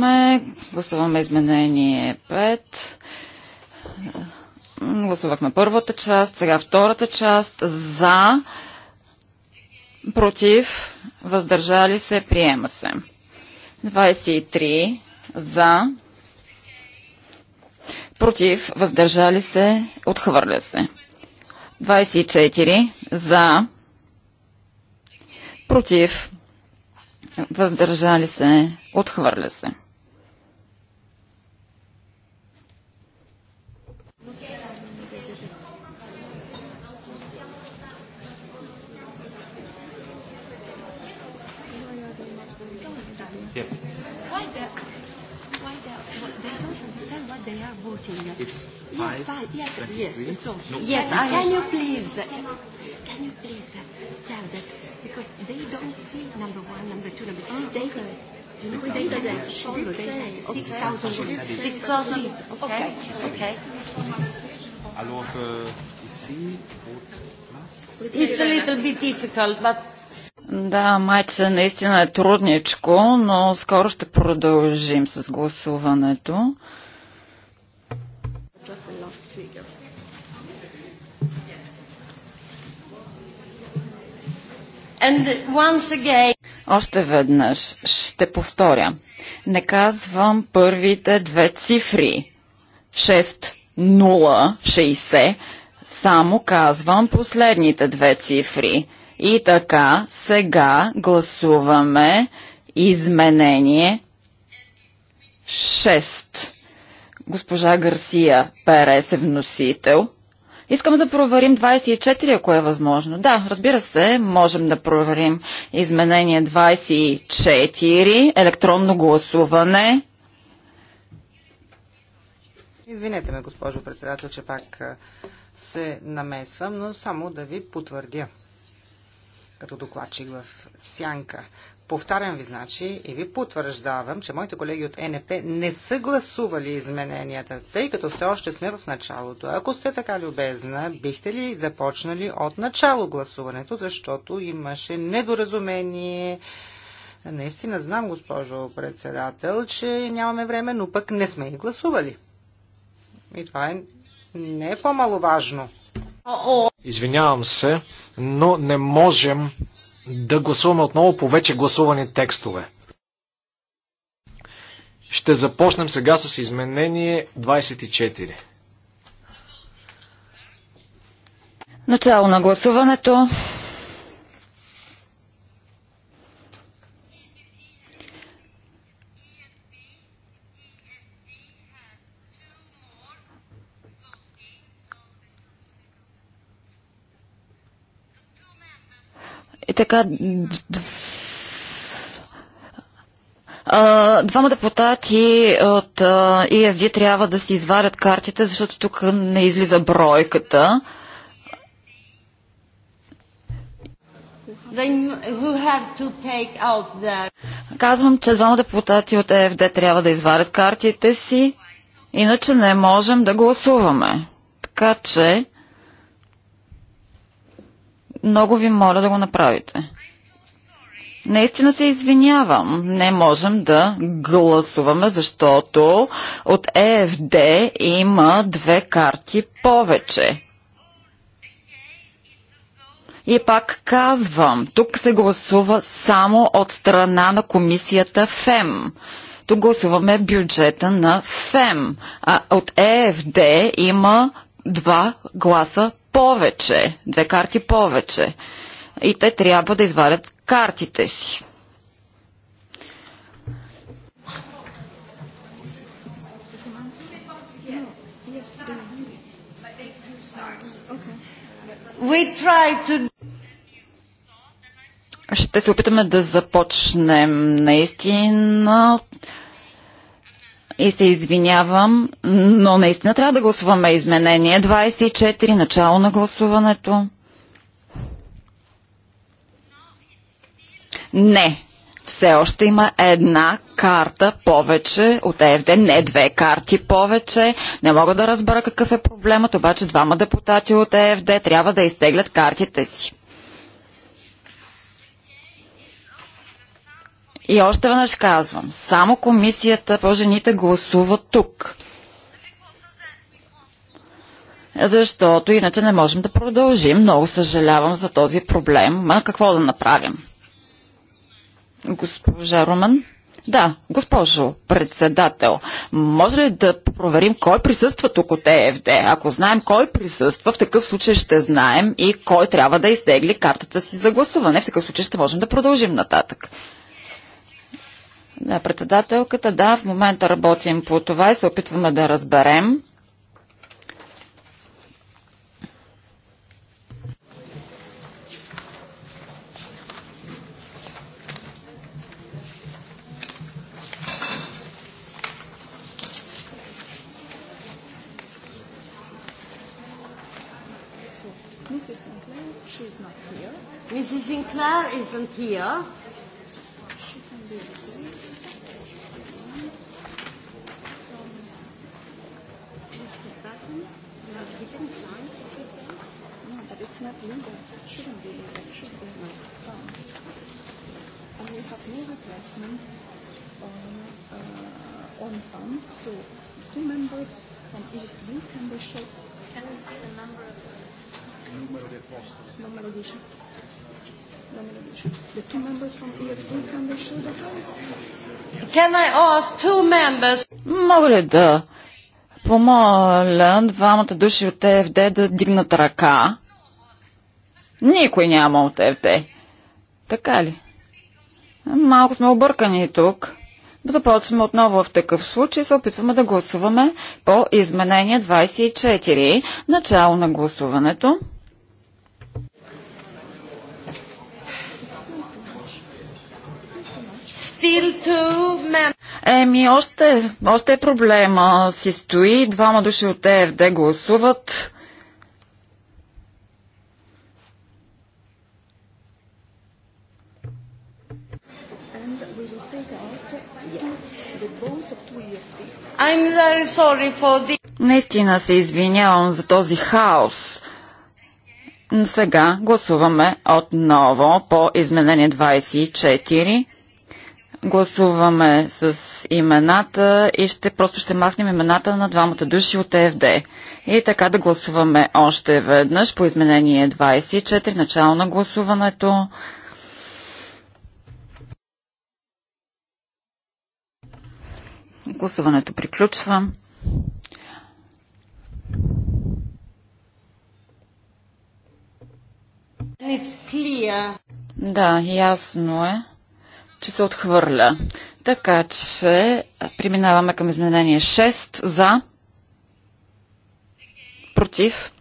сме. Гласуваме изменение 5. Гласувахме първата част, сега втората част. За, против, въздържали се, приема се. 23 за, против, въздържали се, отхвърля се. 24 за, против, въздържали се, отхвърля се. talking about? It's five, yes, five, yes, yes, so, no. yes. I can you please, can you please tell that because they don't see number one, number two, number three. They they don't follow. They like six thousand. Six thousand. Okay. Okay. Alors uh, ici, It's a little bit difficult, but да, майче наистина е трудничко, но скоро ще продължим с гласуването. Още веднъж ще повторя. Не казвам първите две цифри. 6060, само казвам последните две цифри. И така, сега гласуваме изменение 6. Госпожа Гарсия Перес е вносител. Искам да проверим 24, ако е възможно. Да, разбира се, можем да проверим изменение 24, електронно гласуване. Извинете ме, госпожо председател, че пак се намесвам, но само да ви потвърдя като докладчик в Сянка. Повтарям ви, значи, и ви потвърждавам, че моите колеги от НП не са гласували измененията, тъй като все още сме в началото. Ако сте така любезна, бихте ли започнали от начало гласуването, защото имаше недоразумение. Наистина знам, госпожо председател, че нямаме време, но пък не сме и гласували. И това е не е по-маловажно. Извинявам се, но не можем да гласуваме отново по вече гласувани текстове. Ще започнем сега с изменение 24. Начало на гласуването. И така, Двама депутати от ИФД трябва да си изварят картите, защото тук не излиза бройката. Казвам, че двама депутати от ЕФД трябва да изварят картите си, иначе не можем да гласуваме. Така че много ви моля да го направите. Наистина се извинявам. Не можем да гласуваме, защото от ЕФД има две карти повече. И пак казвам, тук се гласува само от страна на комисията ФЕМ. Тук гласуваме бюджета на ФЕМ. А от ЕФД има два гласа повече, две карти повече. И те трябва да извадят картите си. Ще се опитаме да започнем наистина и се извинявам, но наистина трябва да гласуваме изменение 24, начало на гласуването. Не, все още има една карта повече от ЕФД, не две карти повече. Не мога да разбера какъв е проблемът, обаче двама депутати от ЕФД трябва да изтеглят картите си. И още веднъж казвам, само комисията по жените гласува тук. Защото иначе не можем да продължим. Много съжалявам за този проблем. А какво да направим? Госпожа Роман, Да, госпожо председател, може ли да проверим кой присъства тук от ЕФД? Ако знаем кой присъства, в такъв случай ще знаем и кой трябва да изтегли картата си за гласуване. В такъв случай ще можем да продължим нататък. Е, председателката, да, в момента работим по това и се опитваме да разберем. Mrs. Sinclair isn't here. not legal. It shouldn't be legal. It should be fun. And we have no replacement on, uh, on fun. So two members from each group can be shot. Can we see the number of Numero dei posti. Numero 10. Numero The two members from EFD can be shot at once. Can I ask two members? Мога ли да помоля двамата души от ЕФД да дигнат ръка? Никой няма от ФД. Така ли? Малко сме объркани тук. Започваме отново в такъв случай. Се опитваме да гласуваме по изменение 24. Начало на гласуването. Еми, още, още е проблема. Си стои, двама души от ЕФД гласуват. The... Наистина се извинявам за този хаос. Но сега гласуваме отново по изменение 24. Гласуваме с имената и ще, просто ще махнем имената на двамата души от ЕФД. И така да гласуваме още веднъж по изменение 24, начало на гласуването. Гласуването приключва. Да, ясно е, че се отхвърля. Така че преминаваме към изменение 6 за, против,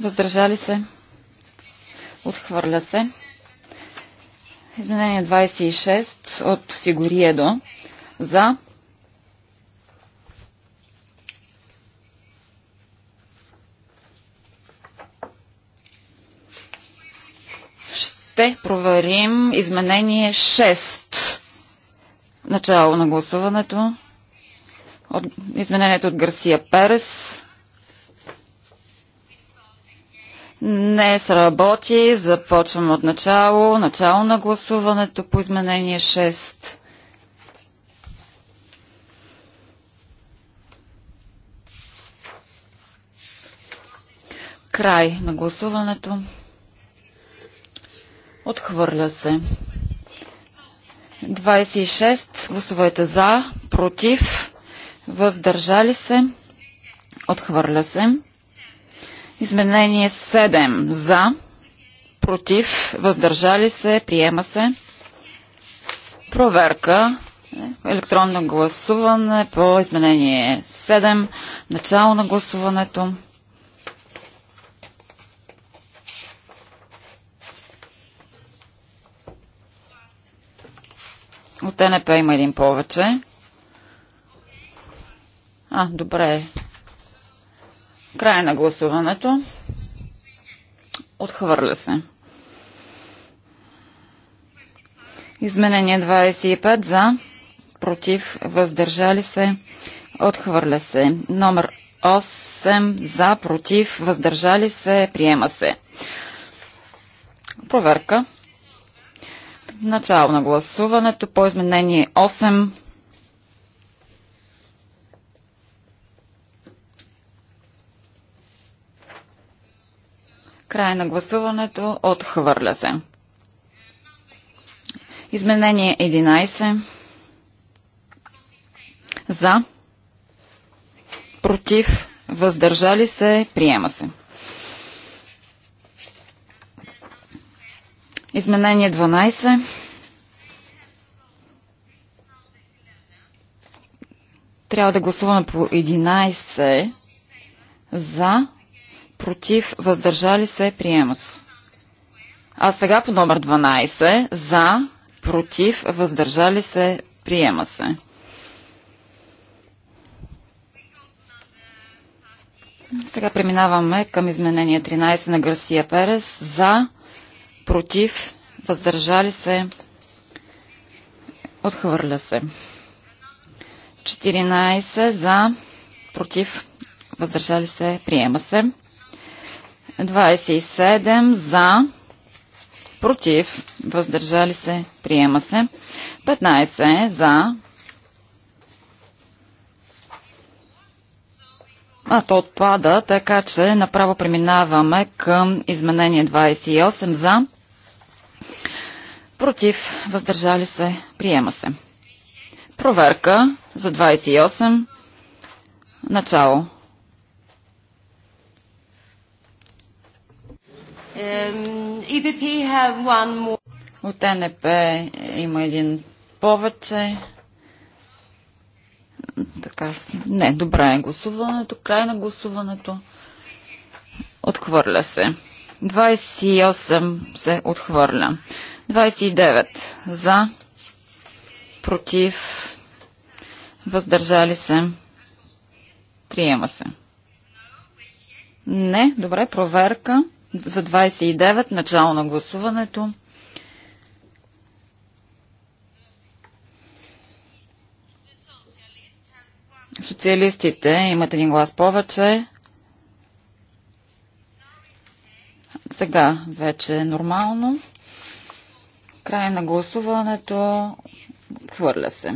въздържали се, отхвърля се. Изменение 26 от Фигуриедо за, Ще проверим изменение 6. Начало на гласуването. От, изменението от Гарсия Перес. Не сработи. Започвам от начало. Начало на гласуването по изменение 6. Край на гласуването. Отхвърля се. 26. Гласовете за, против, въздържали се. Отхвърля се. Изменение 7. За, против, въздържали се, приема се. Проверка. Електронно гласуване по изменение 7. Начало на гласуването. От НП има един повече. А, добре. Край на гласуването. Отхвърля се. Изменение 25 за, против, въздържали се, отхвърля се. Номер 8 за, против, въздържали се, приема се. Проверка. Начало на гласуването по изменение 8. Край на гласуването отхвърля се. Изменение 11. За. Против. Въздържали се. Приема се. Изменение 12. Трябва да гласуваме по 11 за, против, въздържали се, приема се. А сега по номер 12 за, против, въздържали се, приема се. Сега преминаваме към изменение 13 на Гарсия Перес за, против, въздържали се, отхвърля се. 14 за, против, въздържали се, приема се. 27 за, против, въздържали се, приема се. 15 за. А то отпада, така че направо преминаваме към изменение 28 за, Против. Въздържали се. Приема се. Проверка за 28. Начало. От НП има един повече. Така, не, добре е гласуването. Край на гласуването. Отхвърля се. 28 се отхвърля. 29 за, против, въздържали се, приема се. Не, добре, проверка за 29, начало на гласуването. Социалистите имат един глас повече. Сега вече е нормално. Край на гласуването. Хвърля се.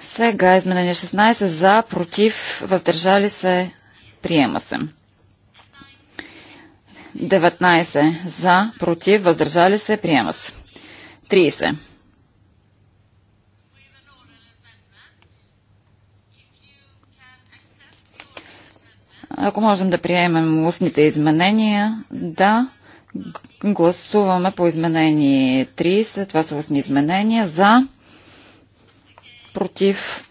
Сега изменение 16 за, против, въздържали се, приема се. 19 за, против, въздържали се, приема се. 30 Ако можем да приемем устните изменения, да, гласуваме по изменение 30, това са устни изменения, за, против,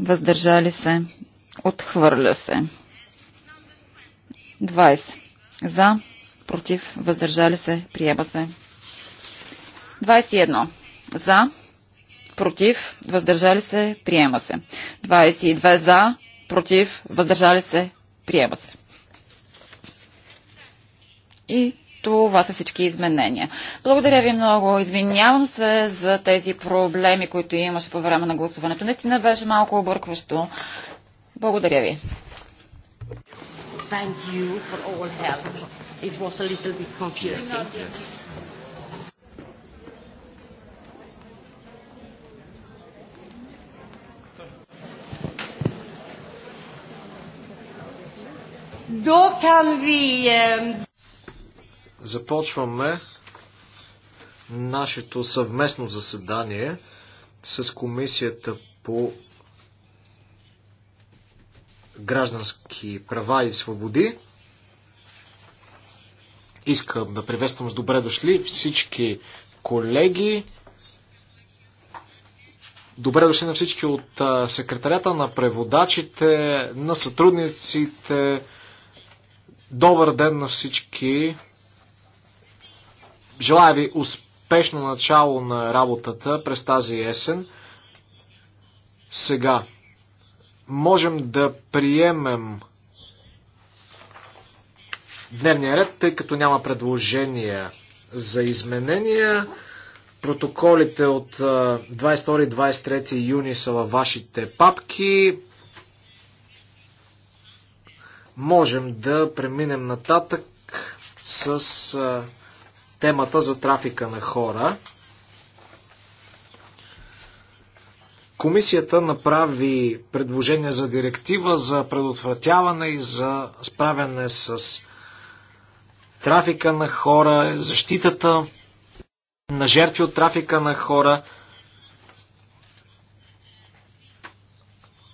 въздържали се, отхвърля се. 20. За, против, въздържали се, приема се. 21. За, против, въздържали се, приема се. 22. За, против, въздържали се, приема се. И това са всички изменения. Благодаря ви много. Извинявам се за тези проблеми, които имаше по време на гласуването. Наистина беше малко объркващо. Благодаря ви. Thank you for all help. It was a little bit confusing. Yes. Då kan vi... Ehm, Започваме нашето съвместно заседание с Комисията по граждански права и свободи. Искам да приветствам с добре дошли всички колеги. Добре дошли на всички от секретарята на преводачите, на сътрудниците, Добър ден на всички. Желая ви успешно начало на работата през тази есен. Сега можем да приемем дневния ред, тъй като няма предложения за изменения. Протоколите от 22-23 юни са във вашите папки можем да преминем нататък с темата за трафика на хора. Комисията направи предложение за директива за предотвратяване и за справяне с трафика на хора, защитата на жертви от трафика на хора –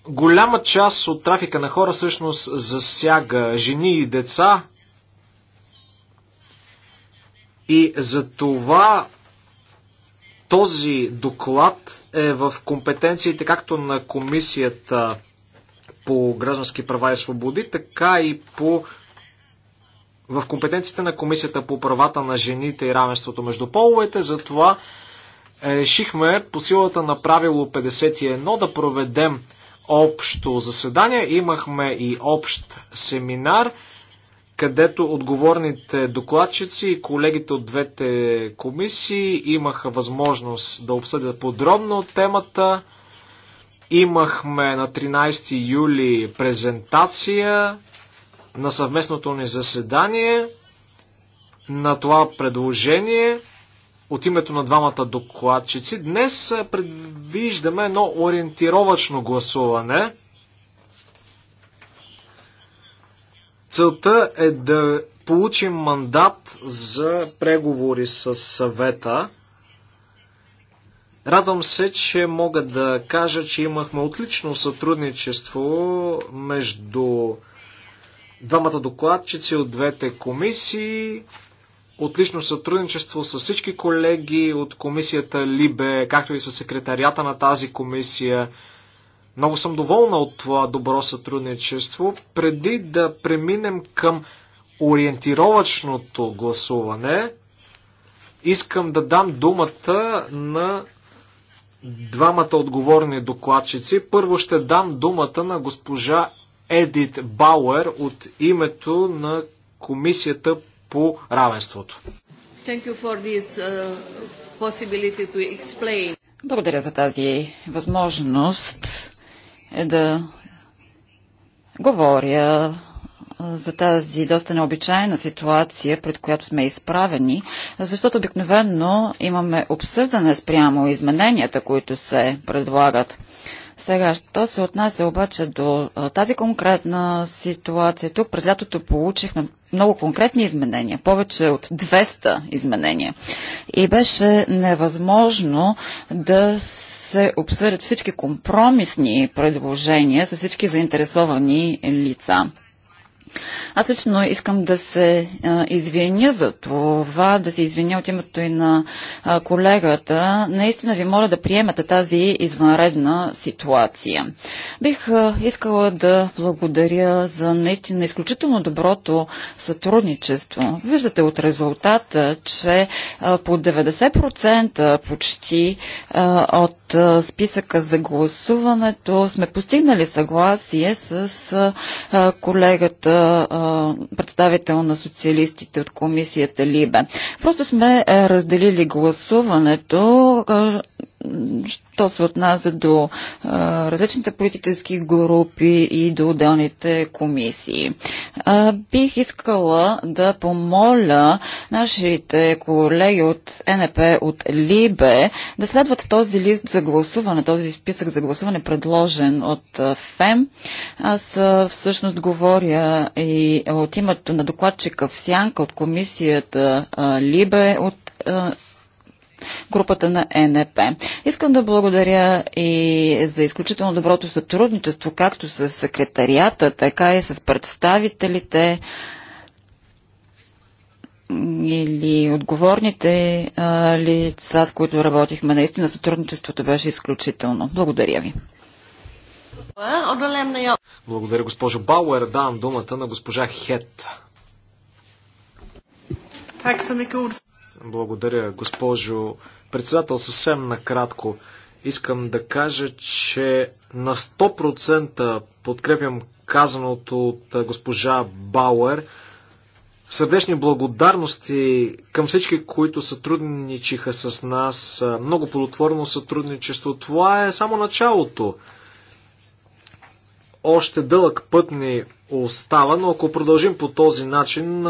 Голяма част от трафика на хора всъщност засяга жени и деца. И за това този доклад е в компетенциите както на Комисията по граждански права и свободи, така и по в компетенциите на Комисията по правата на жените и равенството между половете. Затова решихме по силата на правило 51 да проведем общо заседание, имахме и общ семинар, където отговорните докладчици и колегите от двете комисии имаха възможност да обсъдят подробно темата. Имахме на 13 юли презентация на съвместното ни заседание на това предложение – от името на двамата докладчици. Днес предвиждаме едно ориентировачно гласуване. Целта е да получим мандат за преговори с съвета. Радвам се, че мога да кажа, че имахме отлично сътрудничество между двамата докладчици от двете комисии отлично сътрудничество с всички колеги от комисията Либе, както и с секретарията на тази комисия. Много съм доволна от това добро сътрудничество. Преди да преминем към ориентировачното гласуване, искам да дам думата на двамата отговорни докладчици. Първо ще дам думата на госпожа Едит Бауер от името на Комисията по равенството. Uh, Благодаря за тази възможност е, да говоря за тази доста необичайна ситуация, пред която сме изправени, защото обикновено имаме обсъждане спрямо измененията, които се предлагат. Сега, що се отнася обаче до тази конкретна ситуация, тук през лятото получихме много конкретни изменения, повече от 200 изменения. И беше невъзможно да се обсъдят всички компромисни предложения с всички заинтересовани лица. Аз лично искам да се извиня за това, да се извиня от името и на колегата. Наистина ви моля да приемете тази извънредна ситуация. Бих искала да благодаря за наистина изключително доброто сътрудничество. Виждате от резултата, че по 90% почти от списъка за гласуването сме постигнали съгласие с колегата представител на социалистите от комисията Либе. Просто сме е, разделили гласуването, що се отнася до а, различните политически групи и до отделните комисии. А, бих искала да помоля нашите колеги от НП, от Либе, да следват този лист за гласуване, този списък за гласуване, предложен от ФЕМ. Аз а, всъщност говоря и от името на докладчика в Сянка от комисията Либе от групата на НП. Искам да благодаря и за изключително доброто сътрудничество, както с секретарията, така и с представителите или отговорните а, лица, с които работихме. Наистина сътрудничеството беше изключително. Благодаря ви. Благодаря, госпожо Бауер. Давам думата на госпожа Хет. Благодаря, госпожо председател. Съвсем накратко искам да кажа, че на 100% подкрепям казаното от госпожа Бауер. Сърдечни благодарности към всички, които сътрудничиха с нас. Много плодотворно сътрудничество. Това е само началото. Още дълъг път ни остава, но ако продължим по този начин,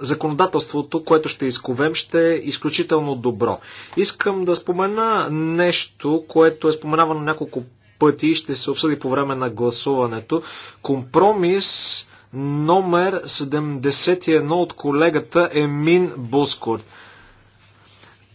законодателството, което ще изковем, ще е изключително добро. Искам да спомена нещо, което е споменавано няколко пъти и ще се обсъди по време на гласуването. Компромис номер 71 от колегата Емин Бускорт.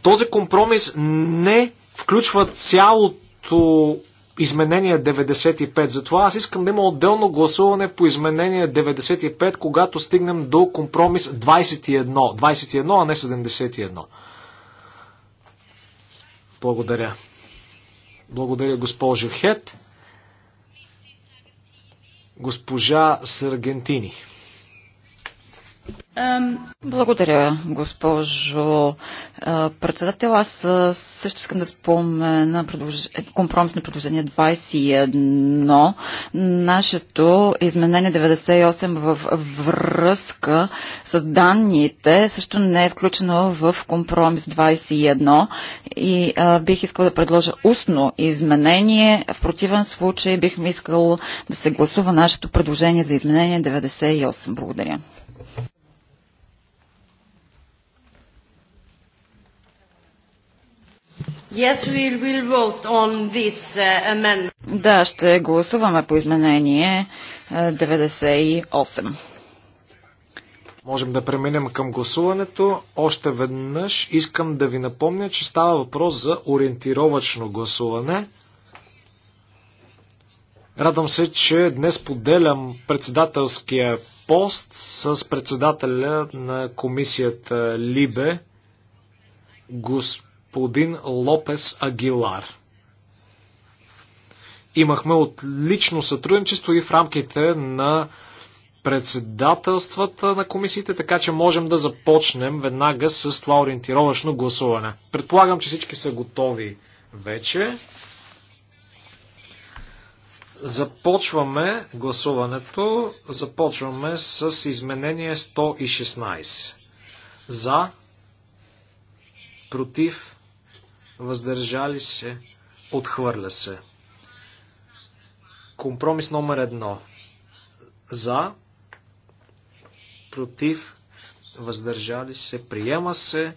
Този компромис не включва цялото изменение 95. Затова аз искам да има отделно гласуване по изменение 95, когато стигнем до компромис 21. 21, а не 71. Благодаря. Благодаря, госпожо Хет. Госпожа Саргентини. Благодаря, госпожо председател. Аз също искам да спомена предлож... Е, компромисно предложение 21. Нашето изменение 98 във връзка с данните също не е включено в компромис 21 и а, бих искал да предложа устно изменение. В противен случай бих искал да се гласува нашето предложение за изменение 98. Благодаря. Yes, we will vote on this uh, amendment. Да, ще гласуваме по изменение 98. Е, Можем да преминем към гласуването. Още веднъж искам да ви напомня, че става въпрос за ориентировачно гласуване. Радвам се, че днес поделям председателския пост с председателя на комисията Либе, господин господин Лопес Агилар. Имахме отлично сътрудничество и в рамките на председателствата на комисиите, така че можем да започнем веднага с това ориентировъчно гласуване. Предполагам, че всички са готови вече. Започваме гласуването. Започваме с изменение 116. За, против, въздържали се, отхвърля се. Компромис номер едно. За, против, въздържали се, приема се.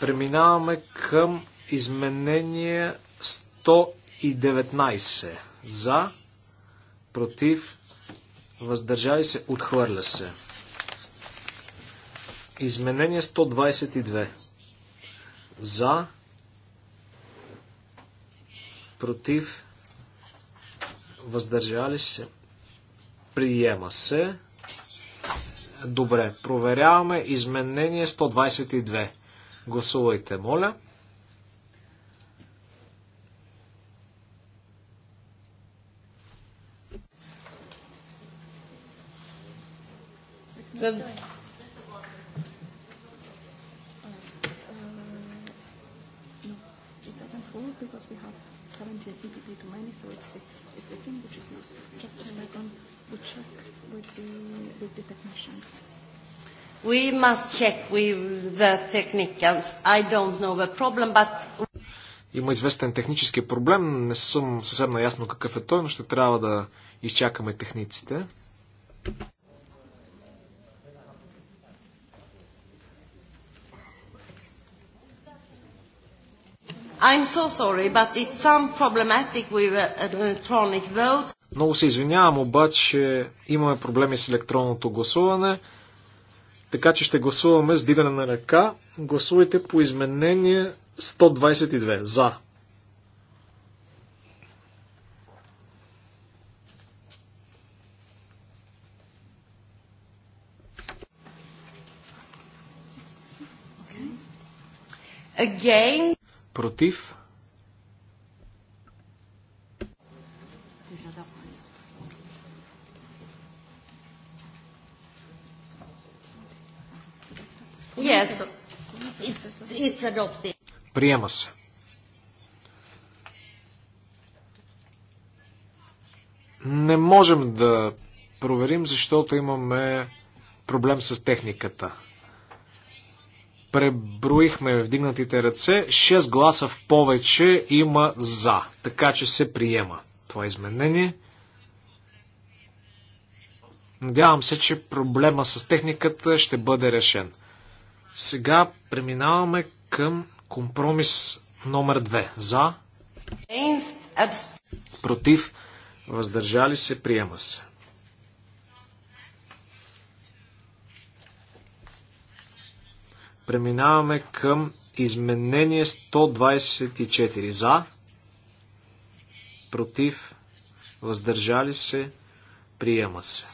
Преминаваме към изменение 119. За, против, въздържали се, отхвърля се. Изменение 122. За. Против. Въздържали се. Приема се. Добре. Проверяваме изменение 122. Гласувайте, моля. The, because we have 70 PPP too many, so it's the, it's the thing which is not just a second, we check with the, with the technicians. We must check with the technicians. I don't know the problem, but... Има известен технически проблем. Не съм съвсем наясно какъв е той, но ще трябва да изчакаме техниците. I'm so sorry, but it's some problematic with uh, electronic vote. Много се извинявам, обаче имаме проблеми с електронното гласуване, така че ще гласуваме с дигане на ръка. Гласувайте по изменение 122. За. Again. Против? Yes. It's Приема се. Не можем да проверим, защото имаме проблем с техниката преброихме вдигнатите ръце, 6 гласа в повече има за, така че се приема това изменение. Надявам се, че проблема с техниката ще бъде решен. Сега преминаваме към компромис номер 2. За, против, въздържали се, приема се. Преминаваме към изменение 124. За, против, въздържали се, приема се.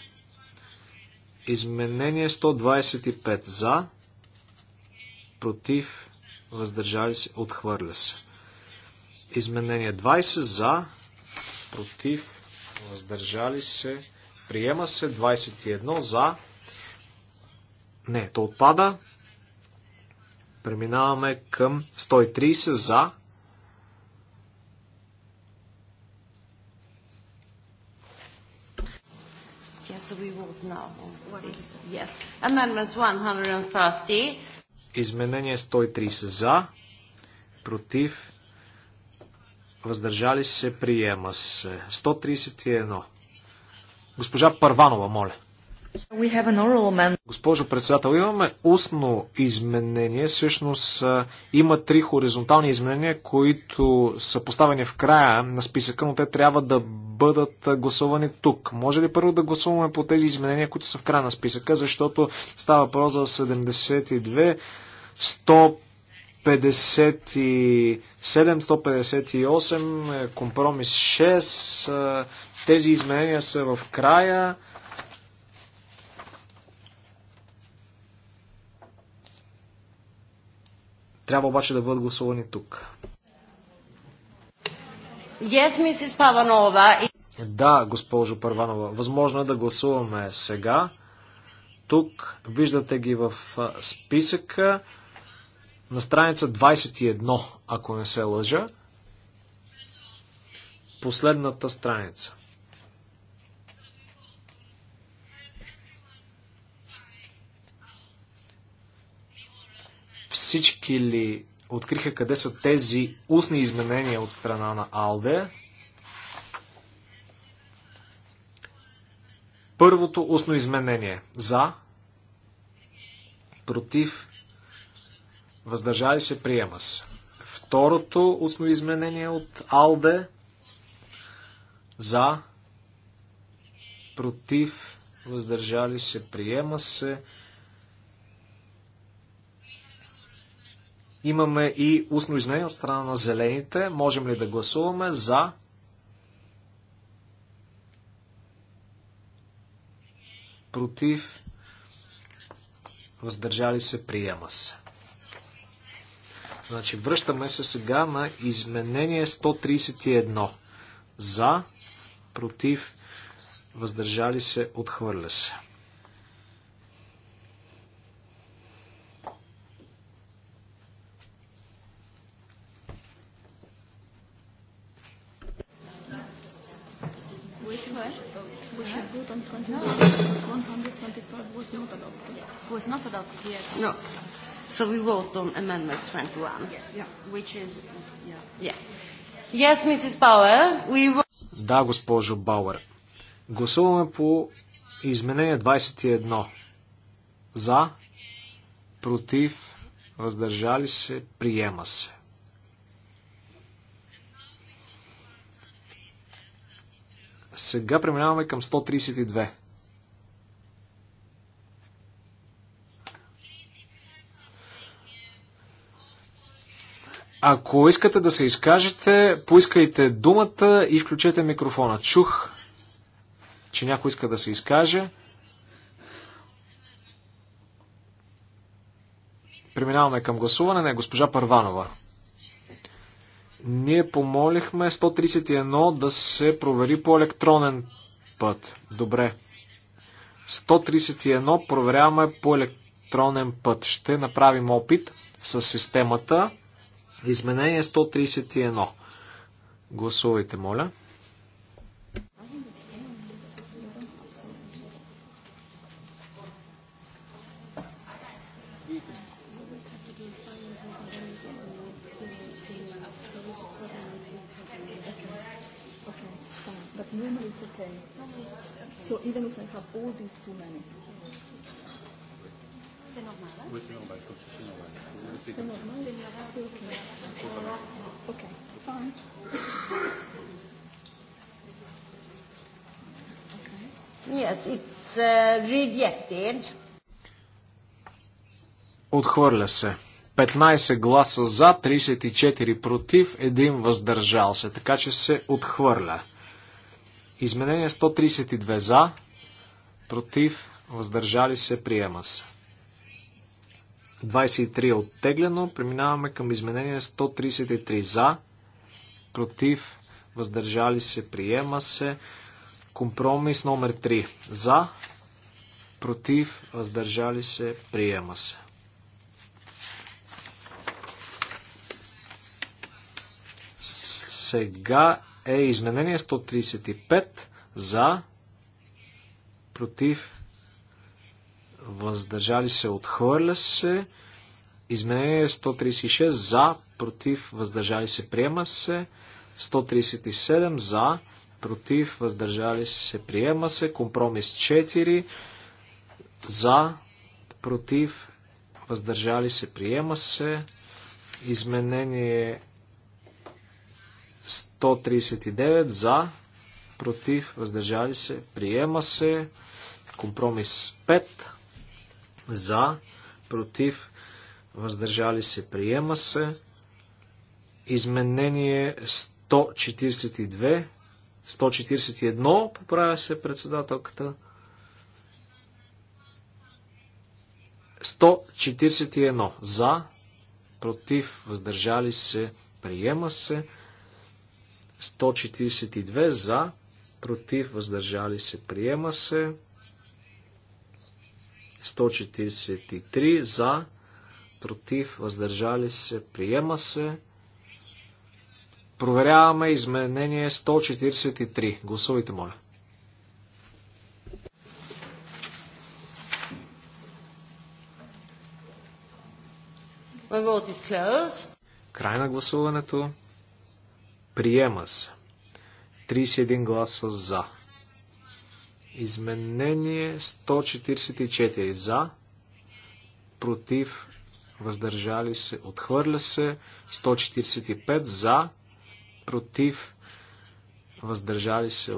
Изменение 125. За, против, въздържали се, отхвърля се. Изменение 20. За, против, въздържали се, приема се. 21. За, не, то отпада. Преминаваме към 130 за. Изменение 130 за, против, въздържали се, приема се. 131. Госпожа Първанова, моля. Госпожо председател, имаме устно изменение. Всъщност има три хоризонтални изменения, които са поставени в края на списъка, но те трябва да бъдат гласувани тук. Може ли първо да гласуваме по тези изменения, които са в края на списъка, защото става въпрос за 72, 100 157, 158, компромис 6. Е, тези изменения са в края Трябва обаче да бъдат гласувани тук. Yes, Mrs. Да, госпожо Първанова, възможно е да гласуваме сега. Тук виждате ги в списъка на страница 21, ако не се лъжа. Последната страница. Всички ли откриха къде са тези устни изменения от страна на Алде? Първото устно изменение. За. Против. Въздържали се. Приема се. Второто устно изменение от Алде. За. Против. Въздържали се. Приема се. Имаме и устно изменение от страна на зелените. Можем ли да гласуваме за? Против? Въздържали се? Приема се. Значи връщаме се сега на изменение 131. За, против, въздържали се, отхвърля се. was not adopted. Was not adopted, yes. No. So we vote on Amendment 21. Yeah. yeah. Which is, yeah. yeah. Yes, Mrs. Power, we... Да, госпожо Бауер. Гласуваме по изменение 21. За, против, въздържали се, приема се. Сега преминаваме към 132. Ако искате да се изкажете, поискайте думата и включете микрофона. Чух, че някой иска да се изкаже. Преминаваме към гласуване. на госпожа Парванова. Ние помолихме 131 да се провери по електронен път. Добре. 131 проверяваме по електронен път. Ще направим опит с системата. Изменение 131. Гласувайте, моля. okay. So even if I have all these too many. Yes, it's uh, rejected. Отхвърля се. 15 гласа за, 34 против, 1 въздържал се. Така че се отхвърля. Изменение 132 за, против, въздържали се, приема се. 23 е оттеглено. Преминаваме към изменение 133 за, против, въздържали се, приема се. Компромис номер 3 за, против, въздържали се, приема се. Сега е изменение 135 за, против, въздържали се, отхвърля се. Изменение 136 за, против, въздържали се, приема се. 137 за, против, въздържали се, приема се. Компромис 4 за, против, въздържали се, приема се. Изменение 139 за, против, въздържали се, приема се. Компромис 5 за, против, въздържали се, приема се. Изменение 142, 141, поправя се председателката. 141 за, против, въздържали се, приема се. 142 за, против, въздържали се, приема се. 143 за, против, въздържали се, приема се. Проверяваме изменение 143. Гласувайте, моля. Край на гласуването. Приема се. 31 гласа за. Изменение 144 за, против, въздържали се, отхвърля се. 145 за, против, въздържали се,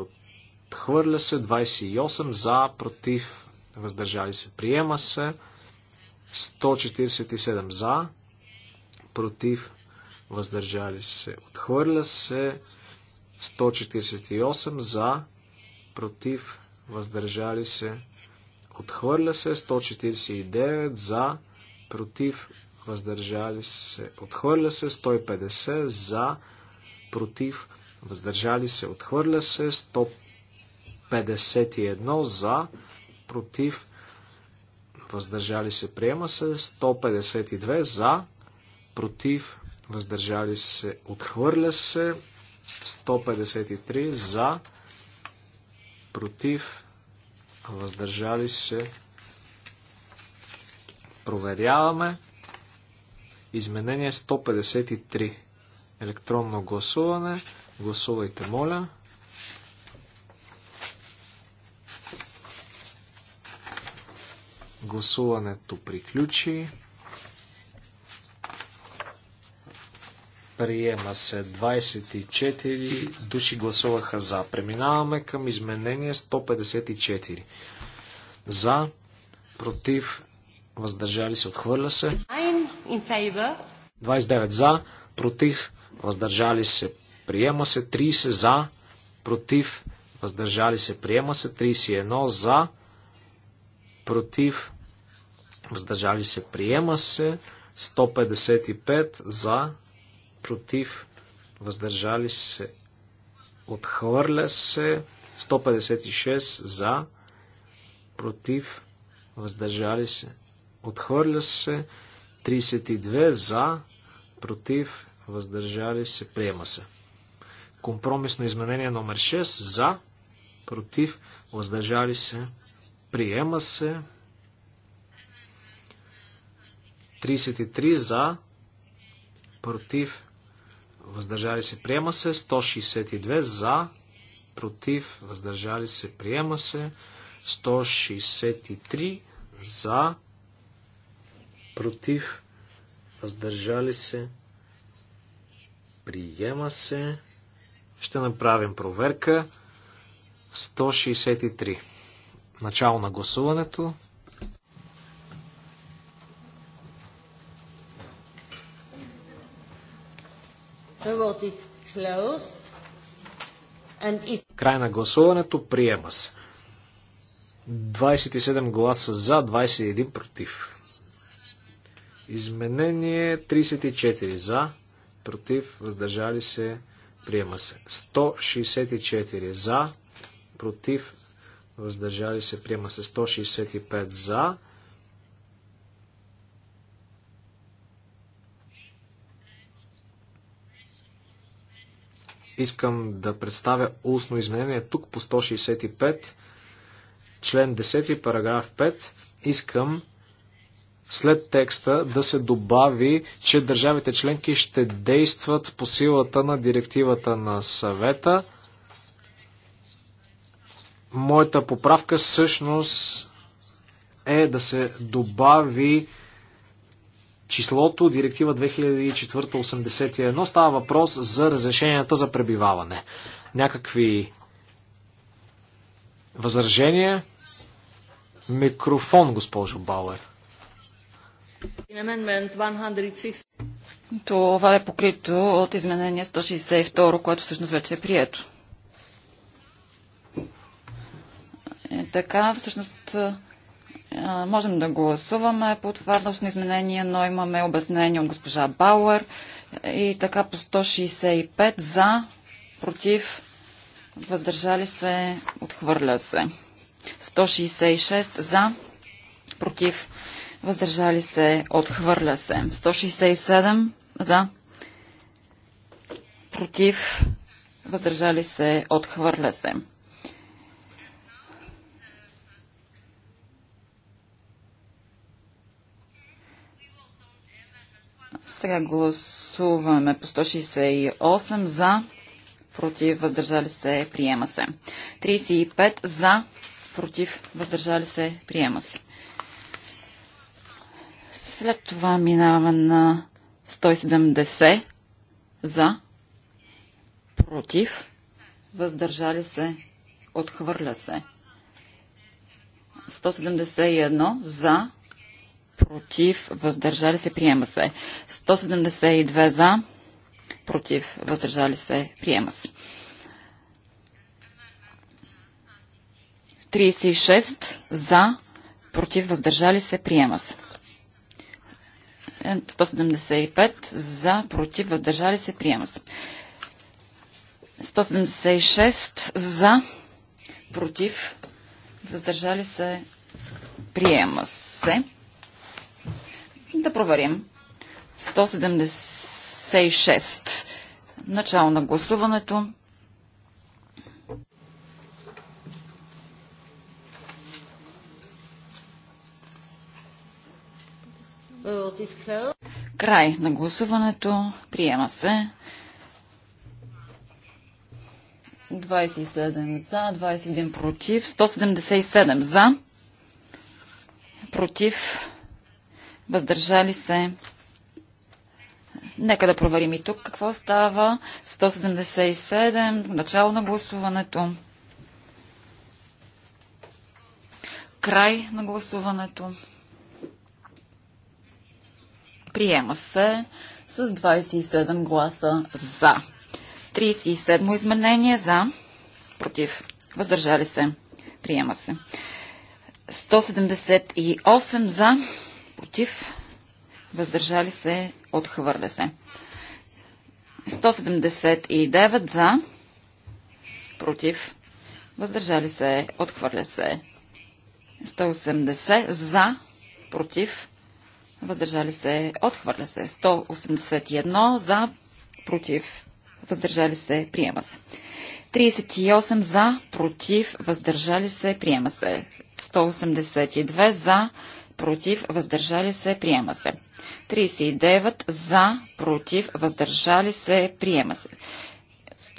отхвърля се. 28 за, против, въздържали се, приема се. 147 за, против, въздържали се, отхвърля се. 148 за, против, въздържали се, отхвърля се, 149 за, против, въздържали се, отхвърля се, 150 за, против, въздържали се, отхвърля се, 151 за, против, въздържали се, приема се, 152 за, против, въздържали се, отхвърля се, 153 за, против, въздържали се. Проверяваме. Изменение 153. Електронно гласуване. Гласувайте, моля. Гласуването приключи. Приема се 24 души гласуваха за. Преминаваме към изменение 154. За, против, въздържали се, отхвърля се. 29 за, против, въздържали се, приема се. 30 за, против, въздържали се, приема се. 31 за, против, въздържали се, приема се. 155 за, против, въздържали се, отхвърля се, 156 за, против, въздържали се, отхвърля се, 32 за, против, въздържали се, приема се. Компромисно изменение номер 6 за, против, въздържали се, приема се. 33 за, против, въздържали се, приема се. 162 за, против, въздържали се, приема се. 163 за, против, въздържали се, приема се. Ще направим проверка. 163. Начало на гласуването. Край на гласуването приема се. 27 гласа за, 21 против. Изменение 34 за, против, въздържали се, приема се. 164 за, против, въздържали се, приема се. 165 за, искам да представя устно изменение тук по 165, член 10, параграф 5. Искам след текста да се добави, че държавите членки ще действат по силата на директивата на съвета. Моята поправка всъщност е да се добави числото Директива 2004-81 става въпрос за разрешенията за пребиваване. Някакви възражения? Микрофон, госпожо Бауер. Това е покрито от изменение 162, което всъщност вече е прието. Е, така, всъщност, Можем да гласуваме по това външно изменение, но имаме обяснение от госпожа Бауер и така по 165 за, против, въздържали се, отхвърля се. 166 за, против, въздържали се, отхвърля се. 167 за, против, въздържали се, отхвърля се. Сега гласуваме по 168 за, против, въздържали се, приема се. 35 за, против, въздържали се, приема се. След това минава на 170 за, против, въздържали се, отхвърля се. 171 за, против, въздържали се, приема се. 172 за, против, въздържали се, приема се. 36 за, против, въздържали се, приема се. 175 за, против, въздържали се, приема се. 176 за, против, въздържали се, приема се. Да проверим. 176. Начало на гласуването. Край на гласуването. Приема се. 27 за, 21 против, 177 за, против въздържали се. Нека да проверим и тук какво става. 177, начало на гласуването. Край на гласуването. Приема се с 27 гласа за. 37 изменение за. Против. Въздържали се. Приема се. 178 за против, въздържали се, отхвърля се. 179 за, против, въздържали се, отхвърля се. 180 за, против, въздържали се, отхвърля се. 181 за, против, въздържали се, приема се. 38 за, против, въздържали се, приема се. 182 за, против, въздържали се, приема се. 39 за, против, въздържали се, приема се.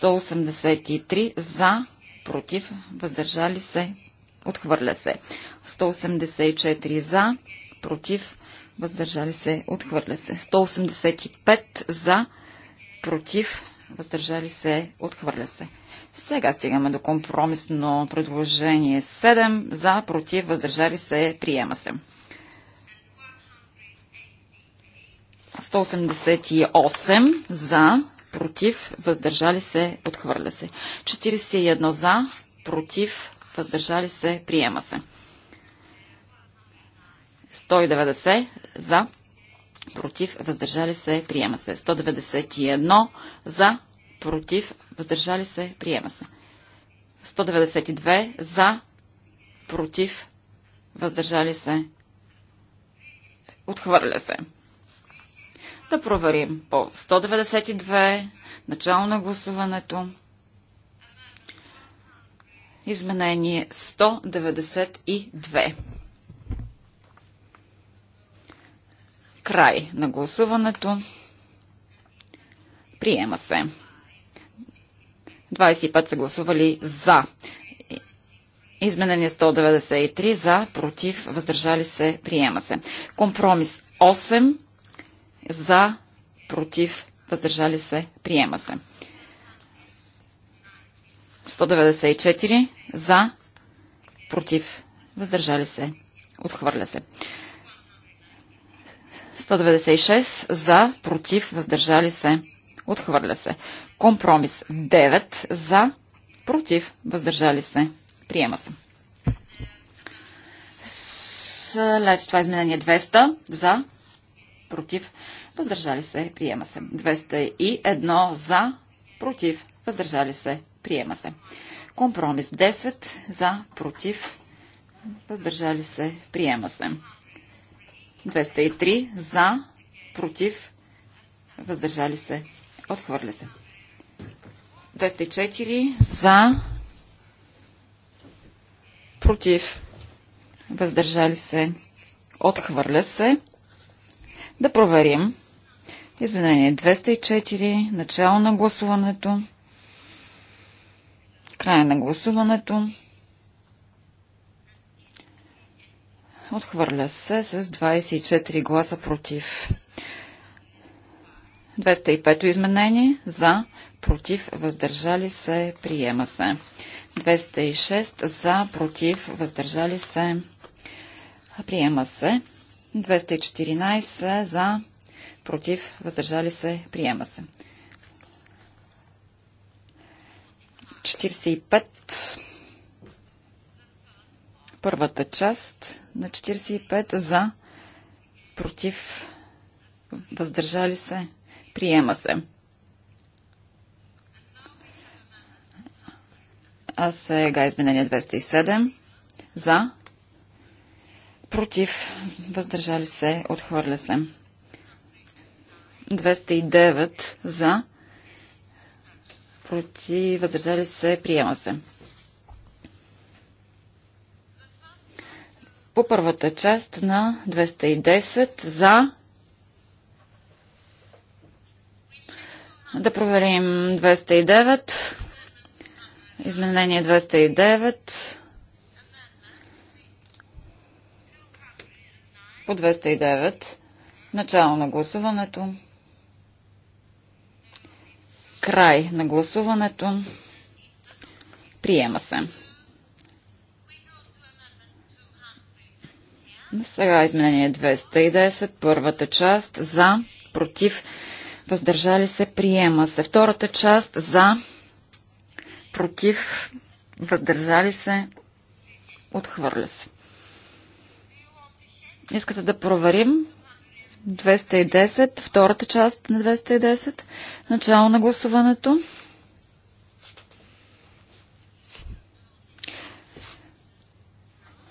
183 за, против, въздържали се, отхвърля се. 184 за, против, въздържали се, отхвърля се. 185 за, против, въздържали се, отхвърля се. Сега стигаме до компромисно предложение 7, за, против, въздържали се, приема се. 188 за, против, въздържали се, отхвърля се. 41 за, против, въздържали се, приема се. 190 за, против, въздържали се, приема се. 191 за, против, въздържали се, приема се. 192 за, против, въздържали се, отхвърля се. Да проверим по 192, начало на гласуването. Изменение 192. Край на гласуването. Приема се. 25 са гласували за. Изменение 193 за, против, въздържали се, приема се. Компромис 8 за, против, въздържали се, приема се. 194 за, против, въздържали се, отхвърля се. 196 за, против, въздържали се, отхвърля се. Компромис 9 за, против, въздържали се, приема се. След това изменение 200 за, против, въздържали се, приема се. 201 за, против, въздържали се, приема се. Компромис 10 за, против, въздържали се, приема се. 203 за, против, въздържали се, отхвърля се. 204 за, против, въздържали се, отхвърля се. Да проверим. Изменение 204, начало на гласуването, край на гласуването. Отхвърля се с 24 гласа против. 205 изменение за, против, въздържали се, приема се. 206 за, против, въздържали се, приема се. 214 за, против, въздържали се, приема се. 45. Първата част на 45 за, против, въздържали се, приема се. А сега изменение 207 за, против, въздържали се, отхвърля се. 209 за, против, въздържали се, приема се. По първата част на 210 за. Да проверим 209. Изменение 209. По 209. Начало на гласуването. Край на гласуването. Приема се. Сега изменение 210. Първата част за, против, въздържали се, приема се. Втората част за, против, въздържали се, отхвърля се. Искате да проверим 210, втората част на 210, начало на гласуването.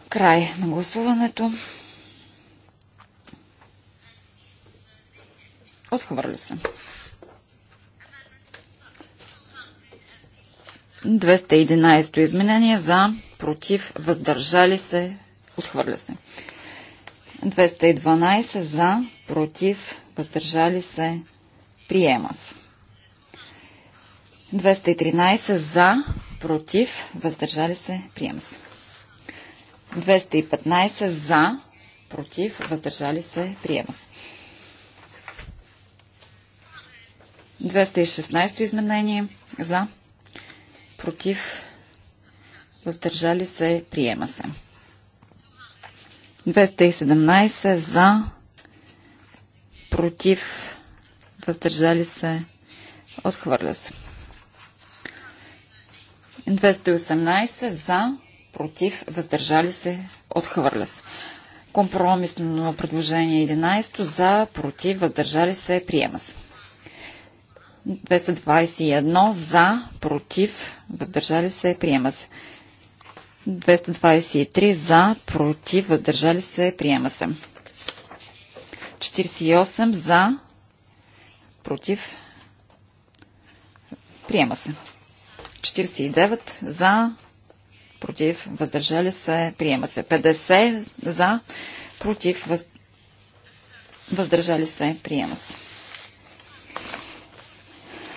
Край на гласуването. Отхвърля се. 211 изменение за, против, въздържали се, отхвърля се. 212 за, против, въздържали се, приема се. 213 за, против, въздържали се, приема се. 215 за, против, въздържали се, приема се. 216 изменение за, против, въздържали се, приема се. 217 за, против, въздържали се, отхвърля се. 218 за, против, въздържали се, отхвърля се. Компромисно предложение 11 за, против, въздържали се, приема се. 221 за, против, въздържали се, приема се. 223 за, против, въздържали се, приема се. 48 за, против, приема се. 49 за, против, въздържали се, приема се. 50 за, против, въз... въздържали се, приема се.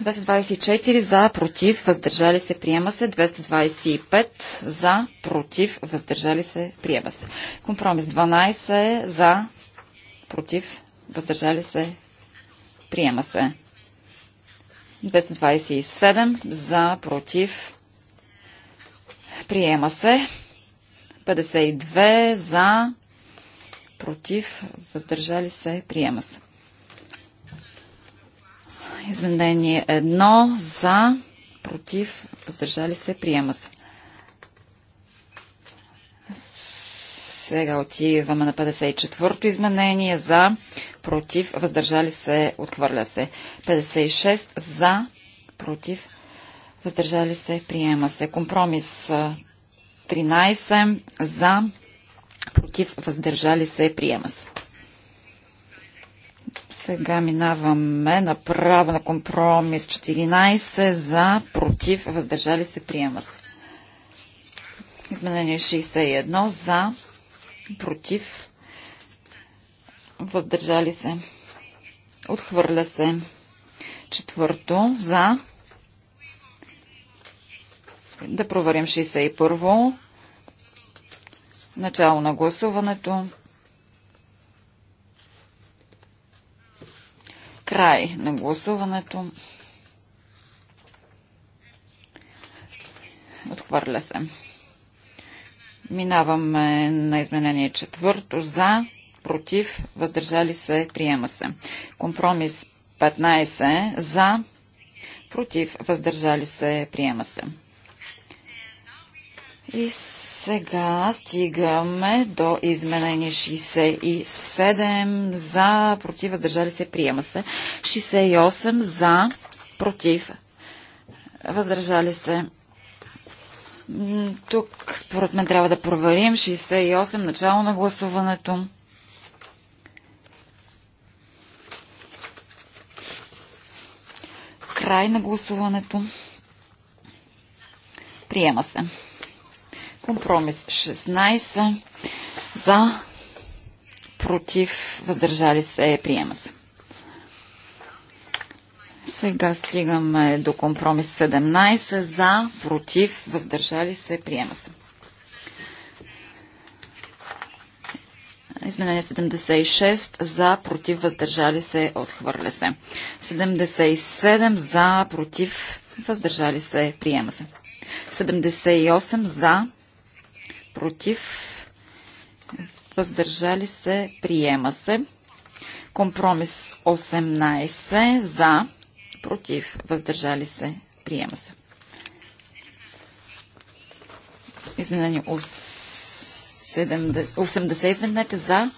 224 за, против, въздържали се, приема се. 225 за, против, въздържали се, приема се. Компромис 12 за, против, въздържали се, приема се. 227 за, против, приема се. 52 за, против, въздържали се, приема се. Изменение 1 за, против, въздържали се, приема се. Сега отиваме на 54-то изменение за, против, въздържали се, отхвърля се. 56 за, против, въздържали се, приема се. Компромис 13 за, против, въздържали се, приема се. Сега минаваме направо на компромис 14 за, против, въздържали се, приема се. Изменение 61 за, против, въздържали се, отхвърля се. Четвърто за, да проверим 61 Начало на гласуването. Край на гласуването. Отхвърля се. Минаваме на изменение четвърто. За, против, въздържали се, приема се. Компромис 15. За, против, въздържали се, приема се. И сега стигаме до изменение 67 за, против, въздържали се, приема се. 68 за, против, въздържали се. Тук, според мен, трябва да проверим 68, начало на гласуването. Край на гласуването. Приема се. Компромис 16 за, против, въздържали се, приема се. Сега стигаме до компромис 17 за, против, въздържали се, приема се. Изменение 76 за, против, въздържали се, отхвърля се. 77 за, против, въздържали се, приема се. 78 за, против, въздържали се, приема се. Компромис 18 за, против, въздържали се, приема се. Изменение 80, изменете за,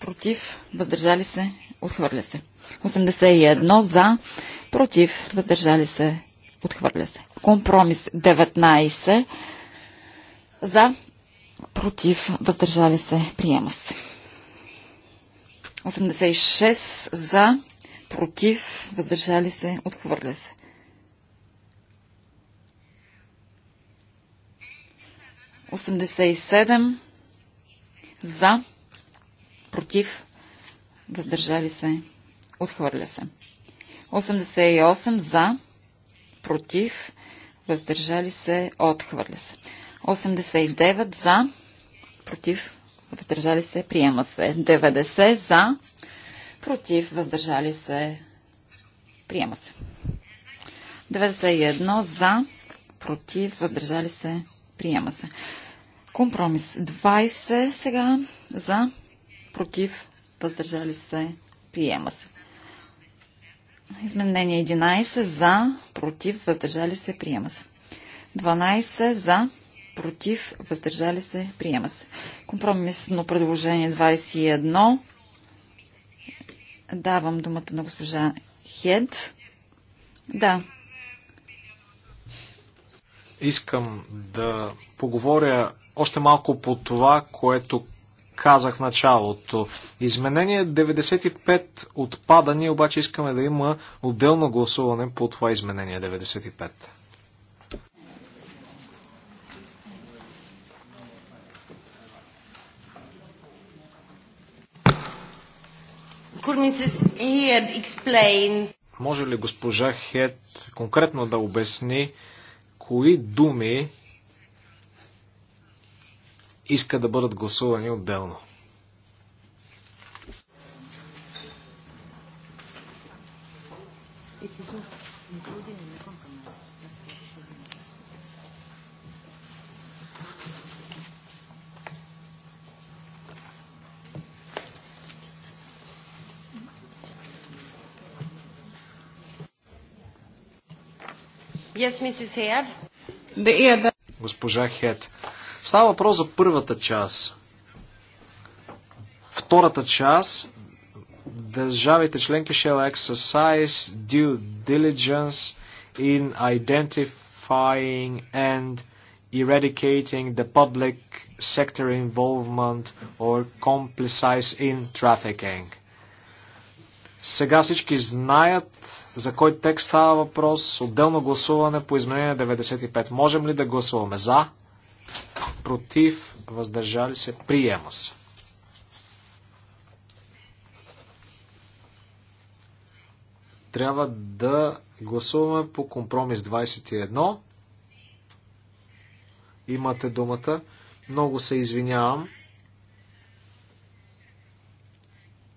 против, въздържали се, отхвърля се. 81 за, против, въздържали се, отхвърля се. Компромис 19 за, против, въздържали се, приема се. 86 за, против, въздържали се, отхвърля се. Осемдесет и седем за, против, въздържали се, отхвърля се. 88 за, против, въздържали се, отхвърля се. 89 за, против, въздържали се, приема се. 90 за, против, въздържали се, приема се. 91 за, против, въздържали се, приема се. Компромис 20 сега за, против, въздържали се, приема се. Изменение 11 за, против, въздържали се, приема се. 12 за, против, въздържали се, приема се. Компромисно предложение 21. Давам думата на госпожа Хед. Да. Искам да поговоря още малко по това, което казах в началото. Изменение 95 отпада, ние обаче искаме да има отделно гласуване по това изменение 95. Може ли госпожа Хет конкретно да обясни кои думи иска да бъдат гласувани отделно? Yes, the... Госпожа Хед, става въпрос за първата част. Втората част държавите членки shall exercise due diligence in identifying and eradicating the public sector involvement or complicize in trafficking. Сега всички знаят за кой текст става въпрос. Отделно гласуване по изменение 95. Можем ли да гласуваме за? Против? Въздържали се? Приема се. Трябва да гласуваме по компромис 21. Имате думата. Много се извинявам.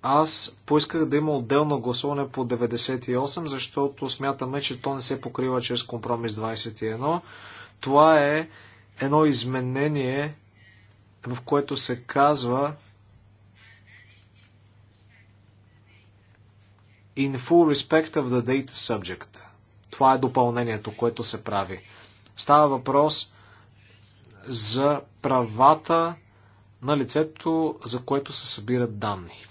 Аз поисках да има отделно гласуване по 98, защото смятаме, че то не се покрива чрез компромис 21. Това е едно изменение, в което се казва In full respect of the data subject. Това е допълнението, което се прави. Става въпрос за правата на лицето, за което се събират данни.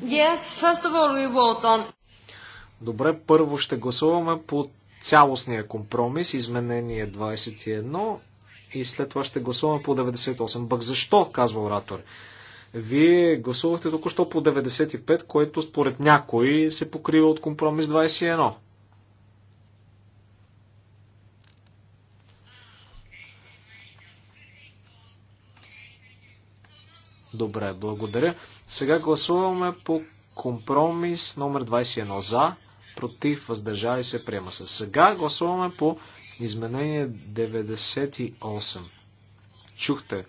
Yes, first of all we vote on... Добре, първо ще гласуваме по цялостния компромис, изменение 21 и след това ще гласуваме по 98. Бък защо, казва оратор. Вие гласувахте току-що по 95, което според някои се покрива от компромис 21. Добре, благодаря. Сега гласуваме по компромис номер 21 за, против, въздържали се, приема се. Сега гласуваме по изменение 98. Чухте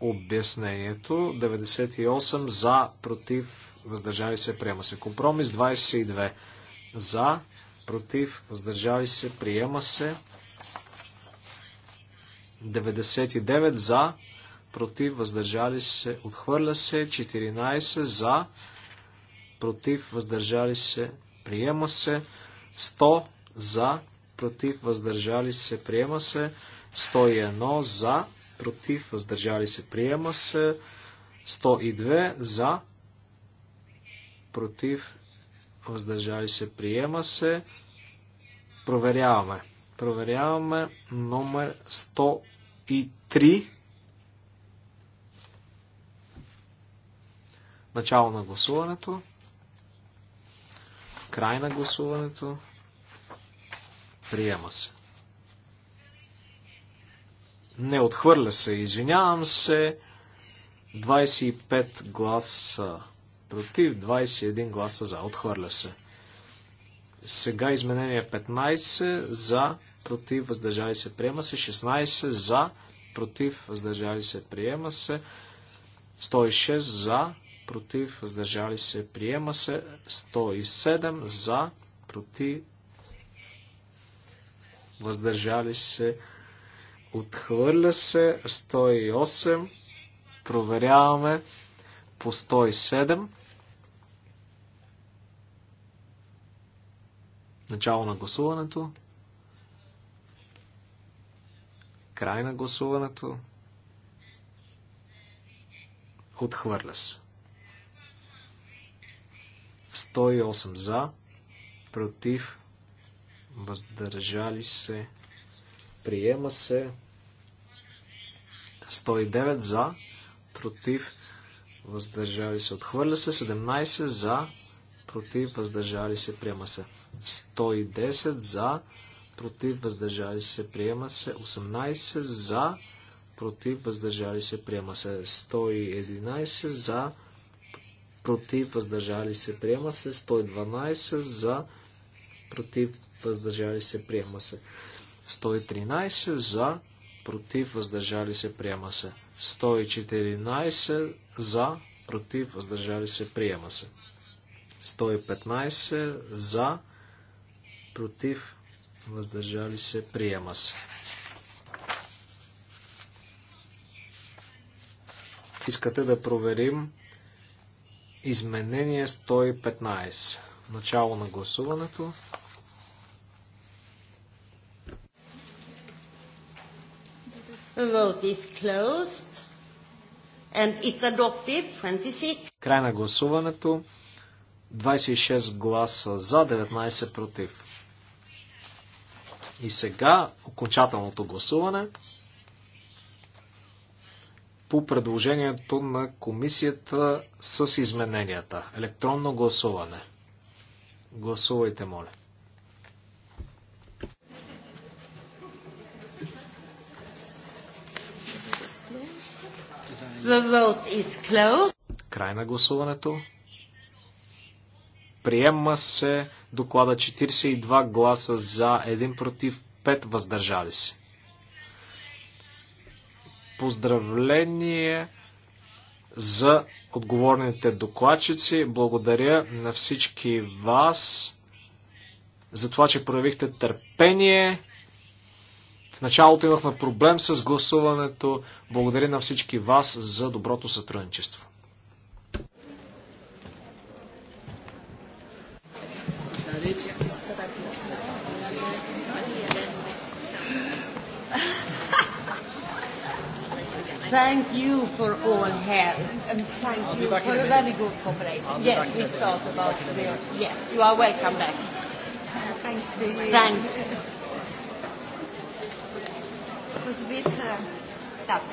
обяснението. 98 за, против, въздържали се, приема се. Компромис 22 за, против, въздържали се, приема се. 99 за, против, въздържали се, отхвърля се, 14 за, против, въздържали се, приема се, 100 за, против, въздържали се, приема се, 101 за, против, въздържали се, приема се, 102 за, против, въздържали се, приема се, проверяваме. Проверяваме номер 103 Начало на гласуването. Край на гласуването. Приема се. Не отхвърля се, извинявам се. 25 гласа против, 21 гласа за. Отхвърля се. Сега изменение 15 за, против, въздържали се, приема се. 16 за, против, въздържали се, приема се. 106 за, против, въздържали се, приема се. 107 за, против, въздържали се, отхвърля се. 108, проверяваме по 107. Начало на гласуването. Край на гласуването. Отхвърля се. 108 за, против, въздържали се, приема се. 109 за, против, въздържали се, отхвърля се. 17 за, против, въздържали се, приема се. 110 за, против, въздържали се, приема се. 18 за, против, въздържали се, приема се. 111 за, против, против, въздържали се, приема се. 112 за, против, въздържали се, приема се. 113 за, против, въздържали се, приема се. 114 за, против, въздържали се, приема се. 115 за, против, въздържали се, приема се. Искате да проверим Изменение 115. Начало на гласуването. Край на гласуването. 26 гласа за, 19 против. И сега окончателното гласуване по предложението на комисията с измененията. Електронно гласуване. Гласувайте, моля. The vote is closed. Край на гласуването. Приема се доклада 42 гласа за, 1 против, 5 въздържали се. Поздравление за отговорните докладчици. Благодаря на всички вас за това, че проявихте търпение. В началото имахме проблем с гласуването. Благодаря на всички вас за доброто сътрудничество. thank you for all help and thank you for a very good cooperation. Yes, we start about your, yes, you are welcome back. Thanks. To you. Thanks. It was a bit uh, tough.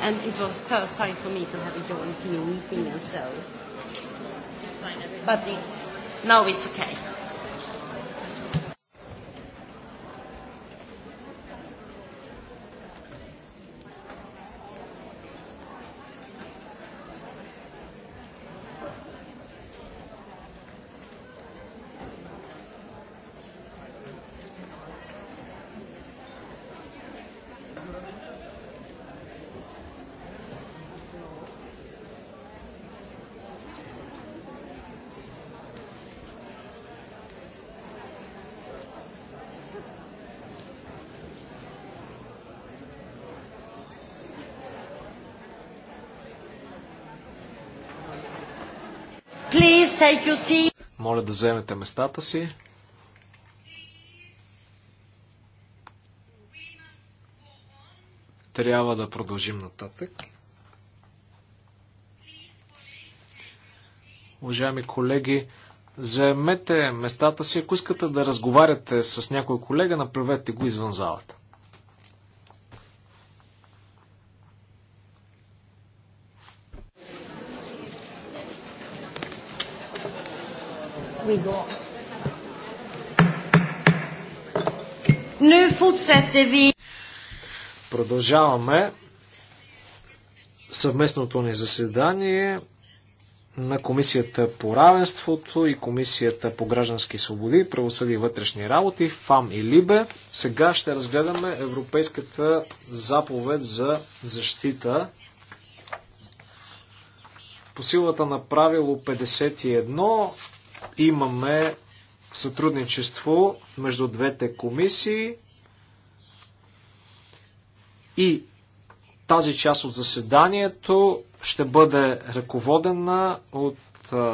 and it was first time for me to have a joint meeting and so. But it's, now it's okay. Моля да вземете местата си. Трябва да продължим нататък. Уважаеми колеги, заемете местата си. Ако искате да разговаряте с някой колега, направете го извън залата. Nu fortsätter vi. Продължаваме съвместното ни заседание на Комисията по равенството и Комисията по граждански свободи, правосъди и вътрешни работи, ФАМ и ЛИБЕ. Сега ще разгледаме Европейската заповед за защита по силата на правило 51 Имаме сътрудничество между двете комисии и тази част от заседанието ще бъде ръководена от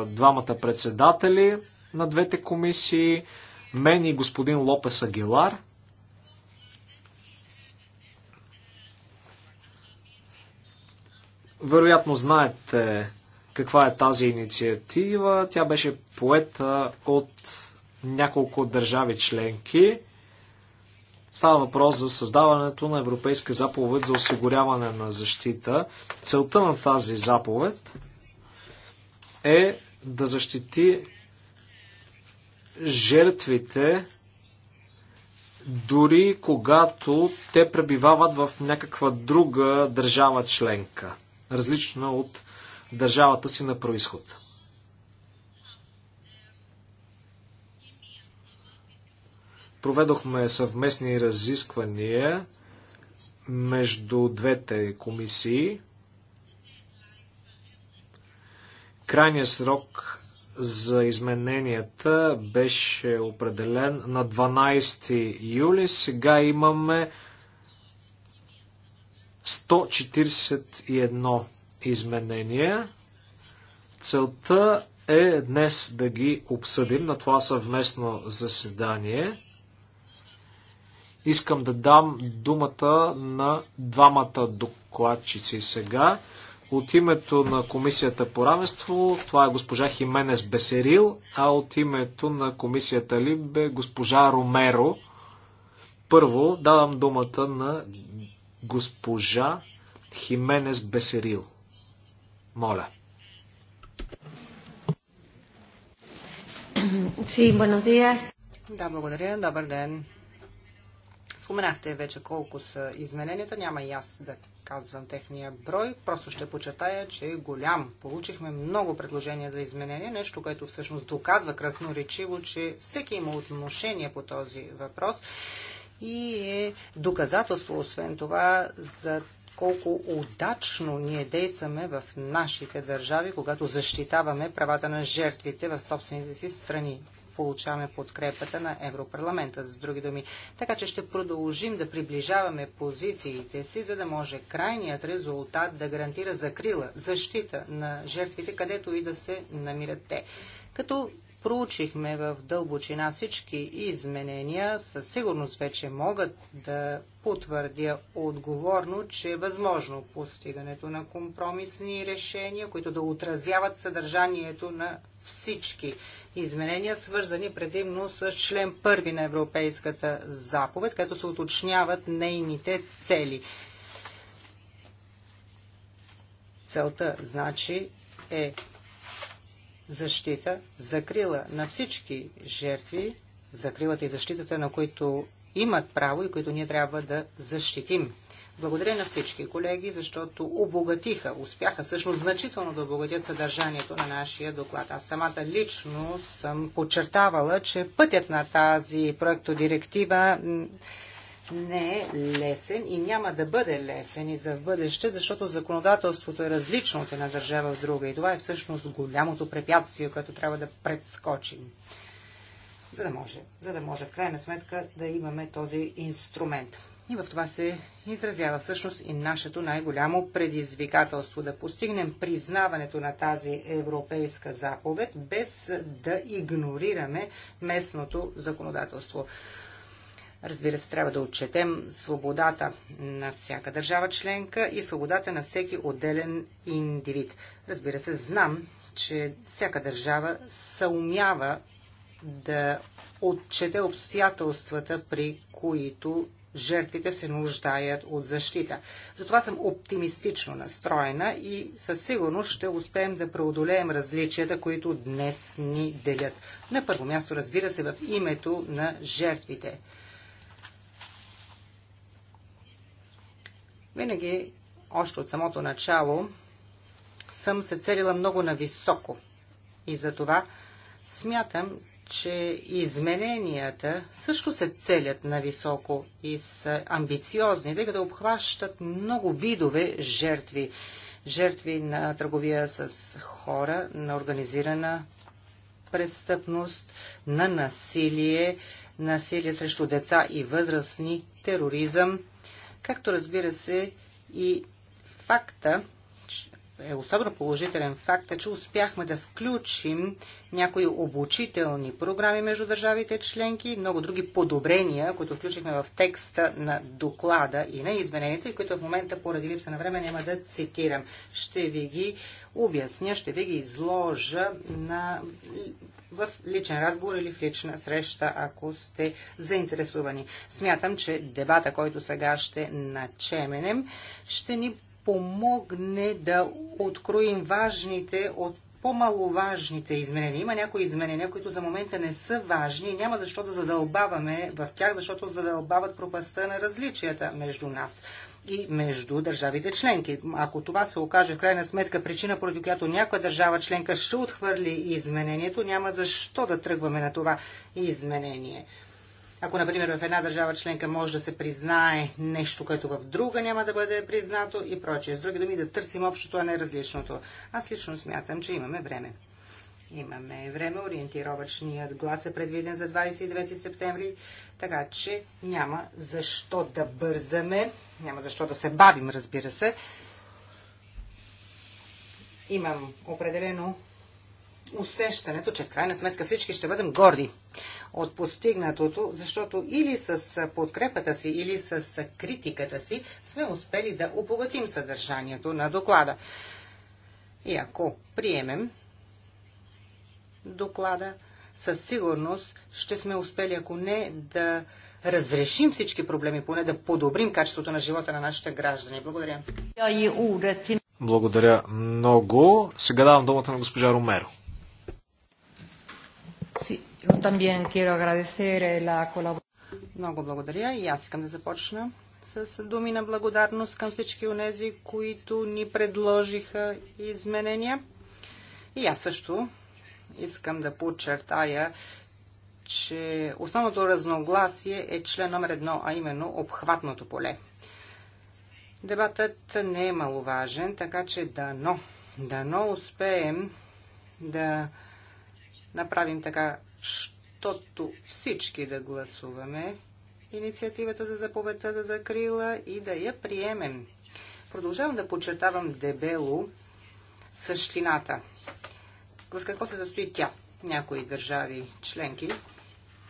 двамата председатели на двете комисии, мен и господин Лопес Агилар. Вероятно знаете каква е тази инициатива. Тя беше поета от няколко държави членки. Става въпрос за създаването на Европейска заповед за осигуряване на защита. Целта на тази заповед е да защити жертвите дори когато те пребивават в някаква друга държава членка, различна от държавата си на происход. Проведохме съвместни разисквания между двете комисии. Крайният срок за измененията беше определен на 12 юли. Сега имаме 141 изменения. Целта е днес да ги обсъдим на това съвместно заседание. Искам да дам думата на двамата докладчици сега. От името на Комисията по равенство, това е госпожа Хименес Бесерил, а от името на Комисията Либе госпожа Ромеро. Първо давам думата на госпожа Хименес Бесерил. Моля. Sí, buenos días. Да, благодаря. Добър ден. Споменахте вече колко са измененията. Няма и аз да казвам техния брой. Просто ще почертая, че е голям. Получихме много предложения за изменения, нещо, което всъщност доказва красноречиво, че всеки има отношение по този въпрос и е доказателство, освен това, за колко удачно ние действаме в нашите държави, когато защитаваме правата на жертвите в собствените си страни. Получаваме подкрепата на Европарламента, с други думи. Така че ще продължим да приближаваме позициите си, за да може крайният резултат да гарантира закрила, защита на жертвите, където и да се намират те. Като проучихме в дълбочина всички изменения, със сигурност вече могат да потвърдя отговорно, че е възможно постигането на компромисни решения, които да отразяват съдържанието на всички изменения, свързани предимно с член първи на Европейската заповед, като се уточняват нейните цели. Целта, значи, е защита, закрила на всички жертви, закрилата и защитата, на които имат право и които ние трябва да защитим. Благодаря на всички колеги, защото обогатиха, успяха всъщност значително да обогатят съдържанието на нашия доклад. Аз самата лично съм подчертавала, че пътят на тази проектодиректива директива не е лесен и няма да бъде лесен и за бъдеще, защото законодателството е различно от една държава в друга. И това е всъщност голямото препятствие, което трябва да предскочим. За да може, за да може в крайна сметка да имаме този инструмент. И в това се изразява всъщност и нашето най-голямо предизвикателство да постигнем признаването на тази европейска заповед, без да игнорираме местното законодателство. Разбира се, трябва да отчетем свободата на всяка държава членка и свободата на всеки отделен индивид. Разбира се, знам, че всяка държава съумява да отчете обстоятелствата, при които жертвите се нуждаят от защита. Затова съм оптимистично настроена и със сигурност ще успеем да преодолеем различията, които днес ни делят. На първо място, разбира се, в името на жертвите. Винаги, още от самото начало, съм се целила много нависоко. И затова смятам, че измененията също се целят нависоко и са амбициозни, тъй като обхващат много видове жертви. Жертви на търговия с хора, на организирана престъпност, на насилие, насилие срещу деца и възрастни, тероризъм, както разбира се и факта, е особено положителен факт е, че успяхме да включим някои обучителни програми между държавите членки и много други подобрения, които включихме в текста на доклада и на измененията, и които в момента поради липса на време няма да цитирам. Ще ви ги обясня, ще ви ги изложа на... в личен разговор или в лична среща, ако сте заинтересувани. Смятам, че дебата, който сега ще начеменем, ще ни помогне да откроим важните от по-маловажните изменения. Има някои изменения, които за момента не са важни и няма защо да задълбаваме в тях, защото задълбават пропаста на различията между нас и между държавите членки. Ако това се окаже в крайна сметка причина, поради която някоя държава членка ще отхвърли изменението, няма защо да тръгваме на това изменение. Ако, например, в една държава членка може да се признае нещо, което в друга няма да бъде признато и прочее. С други думи, да търсим общото, а не различното. Аз лично смятам, че имаме време. Имаме време, ориентировачният глас е предвиден за 29 септември, така че няма защо да бързаме, няма защо да се бавим, разбира се. Имам определено усещането, че в крайна сметка всички ще бъдем горди от постигнатото, защото или с подкрепата си, или с критиката си сме успели да обогатим съдържанието на доклада. И ако приемем доклада, със сигурност ще сме успели, ако не да разрешим всички проблеми, поне да подобрим качеството на живота на нашите граждани. Благодаря. Благодаря много. Сега давам думата на госпожа Ромеро. Eh, Много благодаря и аз искам да започна с думи на благодарност към всички онези, които ни предложиха изменения. И аз също искам да подчертая, че основното разногласие е член номер едно, а именно обхватното поле. Дебатът не е маловажен, така че дано, дано успеем да направим така, щото всички да гласуваме инициативата за заповедта за закрила и да я приемем. Продължавам да подчертавам дебело същината. В какво се състои тя? Някои държави членки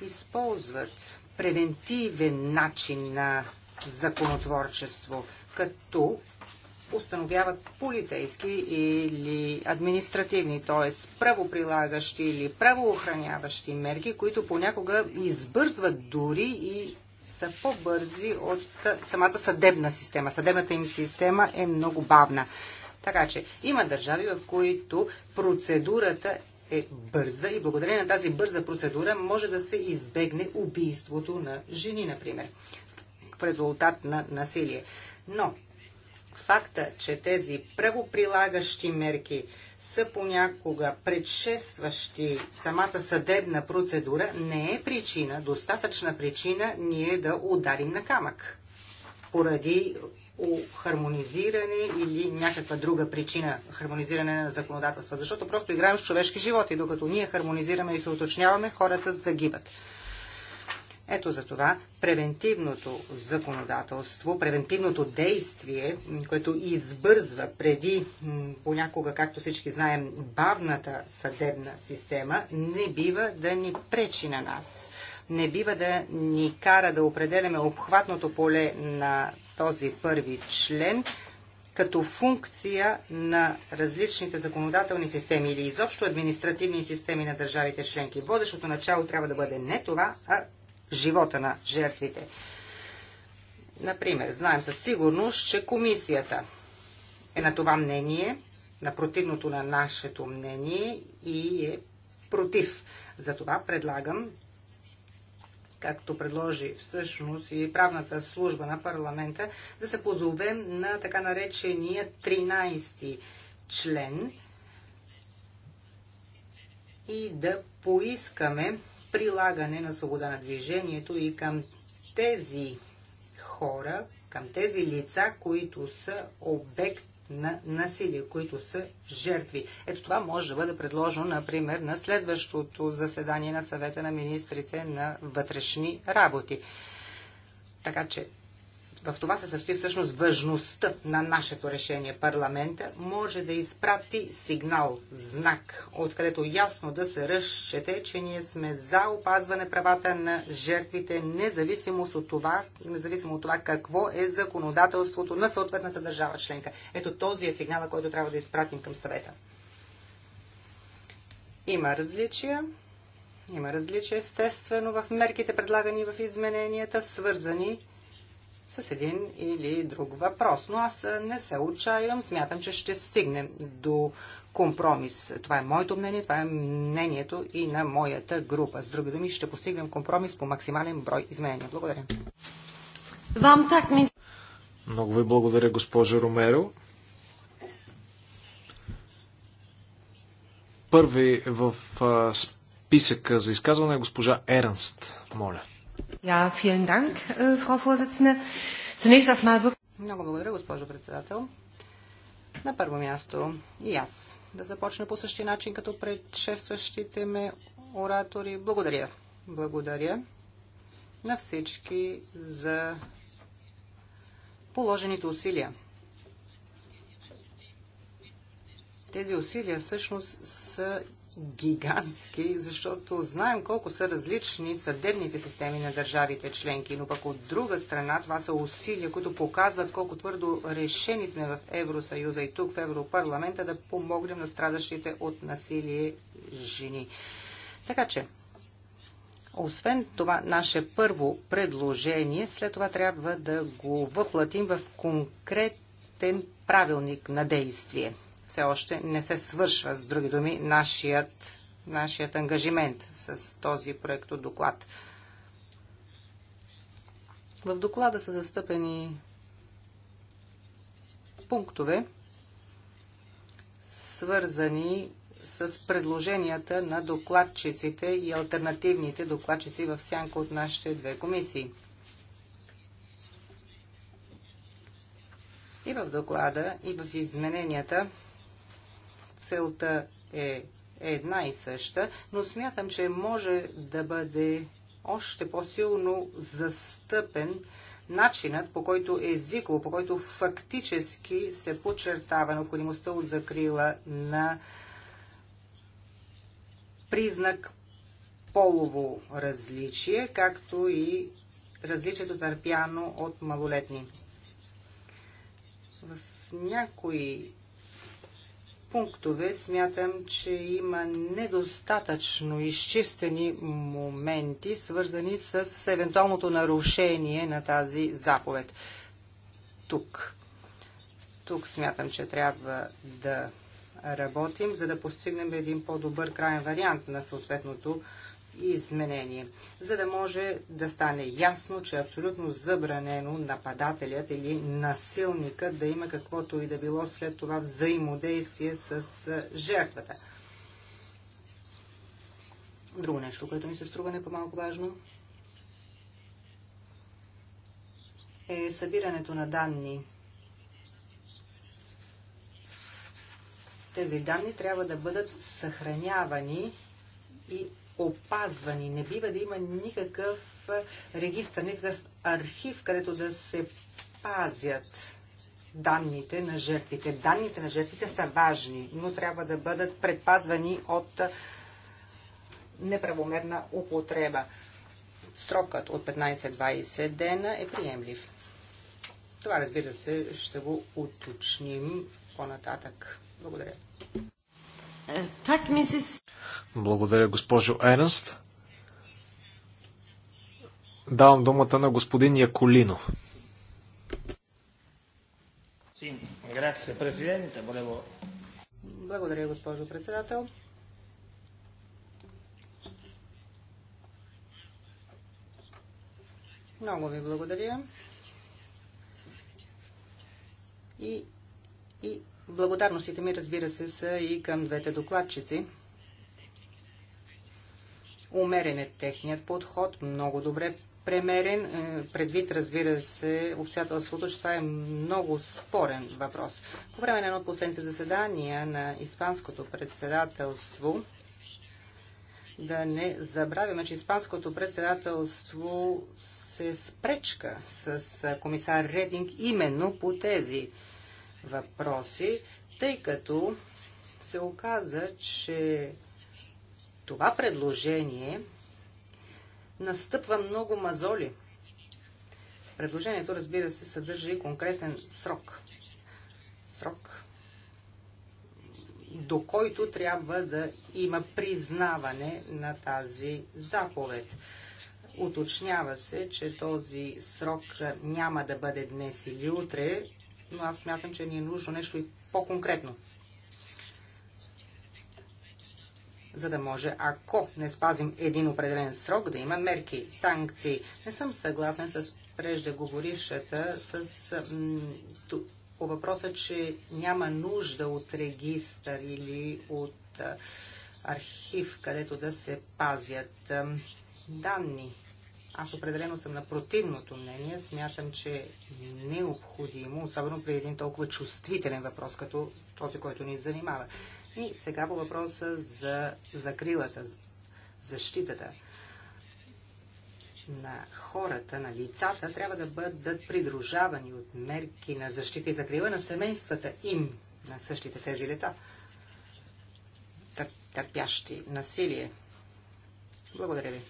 използват превентивен начин на законотворчество, като установяват полицейски или административни, т.е. правоприлагащи или правоохраняващи мерки, които понякога избързват дори и са по-бързи от самата съдебна система. Съдебната им система е много бавна. Така че има държави, в които процедурата е бърза и благодарение на тази бърза процедура може да се избегне убийството на жени, например, в резултат на насилие. Но Факта, че тези правоприлагащи мерки са понякога предшестващи самата съдебна процедура, не е причина, достатъчна причина ние да ударим на камък поради хармонизиране или някаква друга причина хармонизиране на законодателства. Защото просто играем с човешки животи, докато ние хармонизираме и се уточняваме, хората загиват. Ето за това превентивното законодателство, превентивното действие, което избързва преди, понякога, както всички знаем, бавната съдебна система, не бива да ни пречи на нас. Не бива да ни кара да определяме обхватното поле на този първи член като функция на различните законодателни системи или изобщо административни системи на държавите членки. Водещото начало трябва да бъде не това, а живота на жертвите. Например, знаем със сигурност, че комисията е на това мнение, на противното на нашето мнение и е против. Затова предлагам, както предложи всъщност и правната служба на парламента, да се позовем на така наречения 13 член и да поискаме прилагане на свобода на движението и към тези хора, към тези лица, които са обект на насилие, които са жертви. Ето това може да бъде предложено, например, на следващото заседание на съвета на министрите на вътрешни работи. Така че в това се състои всъщност важността на нашето решение. Парламента може да изпрати сигнал, знак, откъдето ясно да се разчете, че ние сме за опазване правата на жертвите, независимо от това, независимо от това какво е законодателството на съответната държава членка. Ето този е сигнала, който трябва да изпратим към съвета. Има различия. Има различия, естествено, в мерките, предлагани в измененията, свързани с един или друг въпрос. Но аз не се отчаявам, смятам, че ще стигнем до компромис. Това е моето мнение, това е мнението и на моята група. С други думи, ще постигнем компромис по максимален брой изменения. Благодаря. Вам так ми... Много ви благодаря, госпожо Ромеро. Първи в списъка за изказване е госпожа Ернст. Моля. Ja, vielen Dank, äh, Frau Vorsitzende. Zunächst erstmal... Много благодаря, госпожо председател. На първо място и аз да започна по същия начин, като предшестващите ме оратори. Благодаря. Благодаря на всички за положените усилия. Тези усилия всъщност са гигантски, защото знаем колко са различни съдебните системи на държавите членки, но пък от друга страна това са усилия, които показват колко твърдо решени сме в Евросъюза и тук в Европарламента да помогнем на страдащите от насилие жени. Така че, освен това наше първо предложение, след това трябва да го въплатим в конкретен правилник на действие все още не се свършва, с други думи, нашият, нашият ангажимент с този проект от доклад. В доклада са застъпени пунктове, свързани с предложенията на докладчиците и альтернативните докладчици в сянка от нашите две комисии. И в доклада, и в измененията целта е една и съща, но смятам, че може да бъде още по-силно застъпен начинът, по който е езиково, по който фактически се подчертава необходимостта от закрила на признак полово различие, както и различието търпяно от малолетни. В някои пунктове смятам, че има недостатъчно изчистени моменти, свързани с евентуалното нарушение на тази заповед. Тук. Тук смятам, че трябва да работим, за да постигнем един по-добър крайен вариант на съответното и изменение, за да може да стане ясно, че е абсолютно забранено нападателят или насилника да има каквото и да било след това взаимодействие с жертвата. Друго нещо, което ми се струва не по-малко важно, е събирането на данни. Тези данни трябва да бъдат съхранявани и опазвани. Не бива да има никакъв регистр, никакъв архив, където да се пазят данните на жертвите. Данните на жертвите са важни, но трябва да бъдат предпазвани от неправомерна употреба. Срокът от 15-20 дена е приемлив. Това, разбира се, ще го уточним по-нататък. Благодаря. Е, так, се. Благодаря, госпожо Ернст. Давам думата на господин Яколино. Благодаря, госпожо председател. Много ви благодаря. И, и благодарностите ми, разбира се, са и към двете докладчици – Умерен е техният подход, много добре премерен, е, предвид, разбира се, обстоятелството, че това е много спорен въпрос. По време на едно от последните заседания на Испанското председателство, да не забравяме, че Испанското председателство се спречка с комисар Рединг именно по тези въпроси, тъй като се оказа, че това предложение настъпва много мазоли. Предложението, разбира се, съдържа и конкретен срок. Срок, до който трябва да има признаване на тази заповед. Уточнява се, че този срок няма да бъде днес или утре, но аз смятам, че ни е нужно нещо и по-конкретно. за да може, ако не спазим един определен срок, да има мерки, санкции. Не съм съгласен с преждеговорившата с, по въпроса, че няма нужда от регистър или от архив, където да се пазят данни. Аз определено съм на противното мнение. Смятам, че е необходимо, особено при един толкова чувствителен въпрос, като този, който ни занимава. И сега по въпроса за закрилата, защитата на хората, на лицата, трябва да бъдат придружавани от мерки на защита и закрила на семействата им, на същите тези лица, търпящи насилие. Благодаря ви.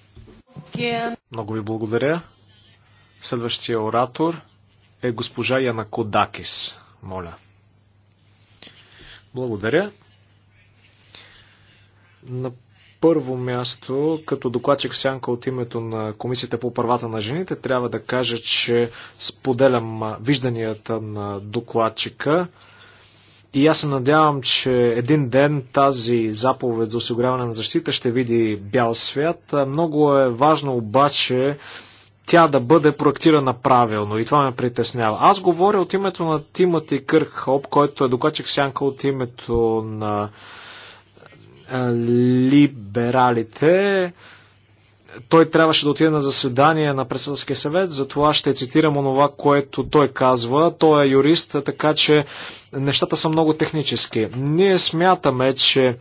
Много ви благодаря. Следващия оратор е госпожа Яна Кодакис. Моля. Благодаря. На първо място, като докладчик Сянка от името на Комисията по правата на жените, трябва да кажа, че споделям вижданията на докладчика. И аз се надявам, че един ден тази заповед за осигуряване на защита ще види бял свят. Много е важно обаче тя да бъде проектирана правилно и това ме притеснява. Аз говоря от името на Тимати Кърхоп, който е докладчик сянка от името на либералите. Той трябваше да отиде на заседание на председателския съвет, затова ще цитирам онова, което той казва. Той е юрист, така че нещата са много технически. Ние смятаме, че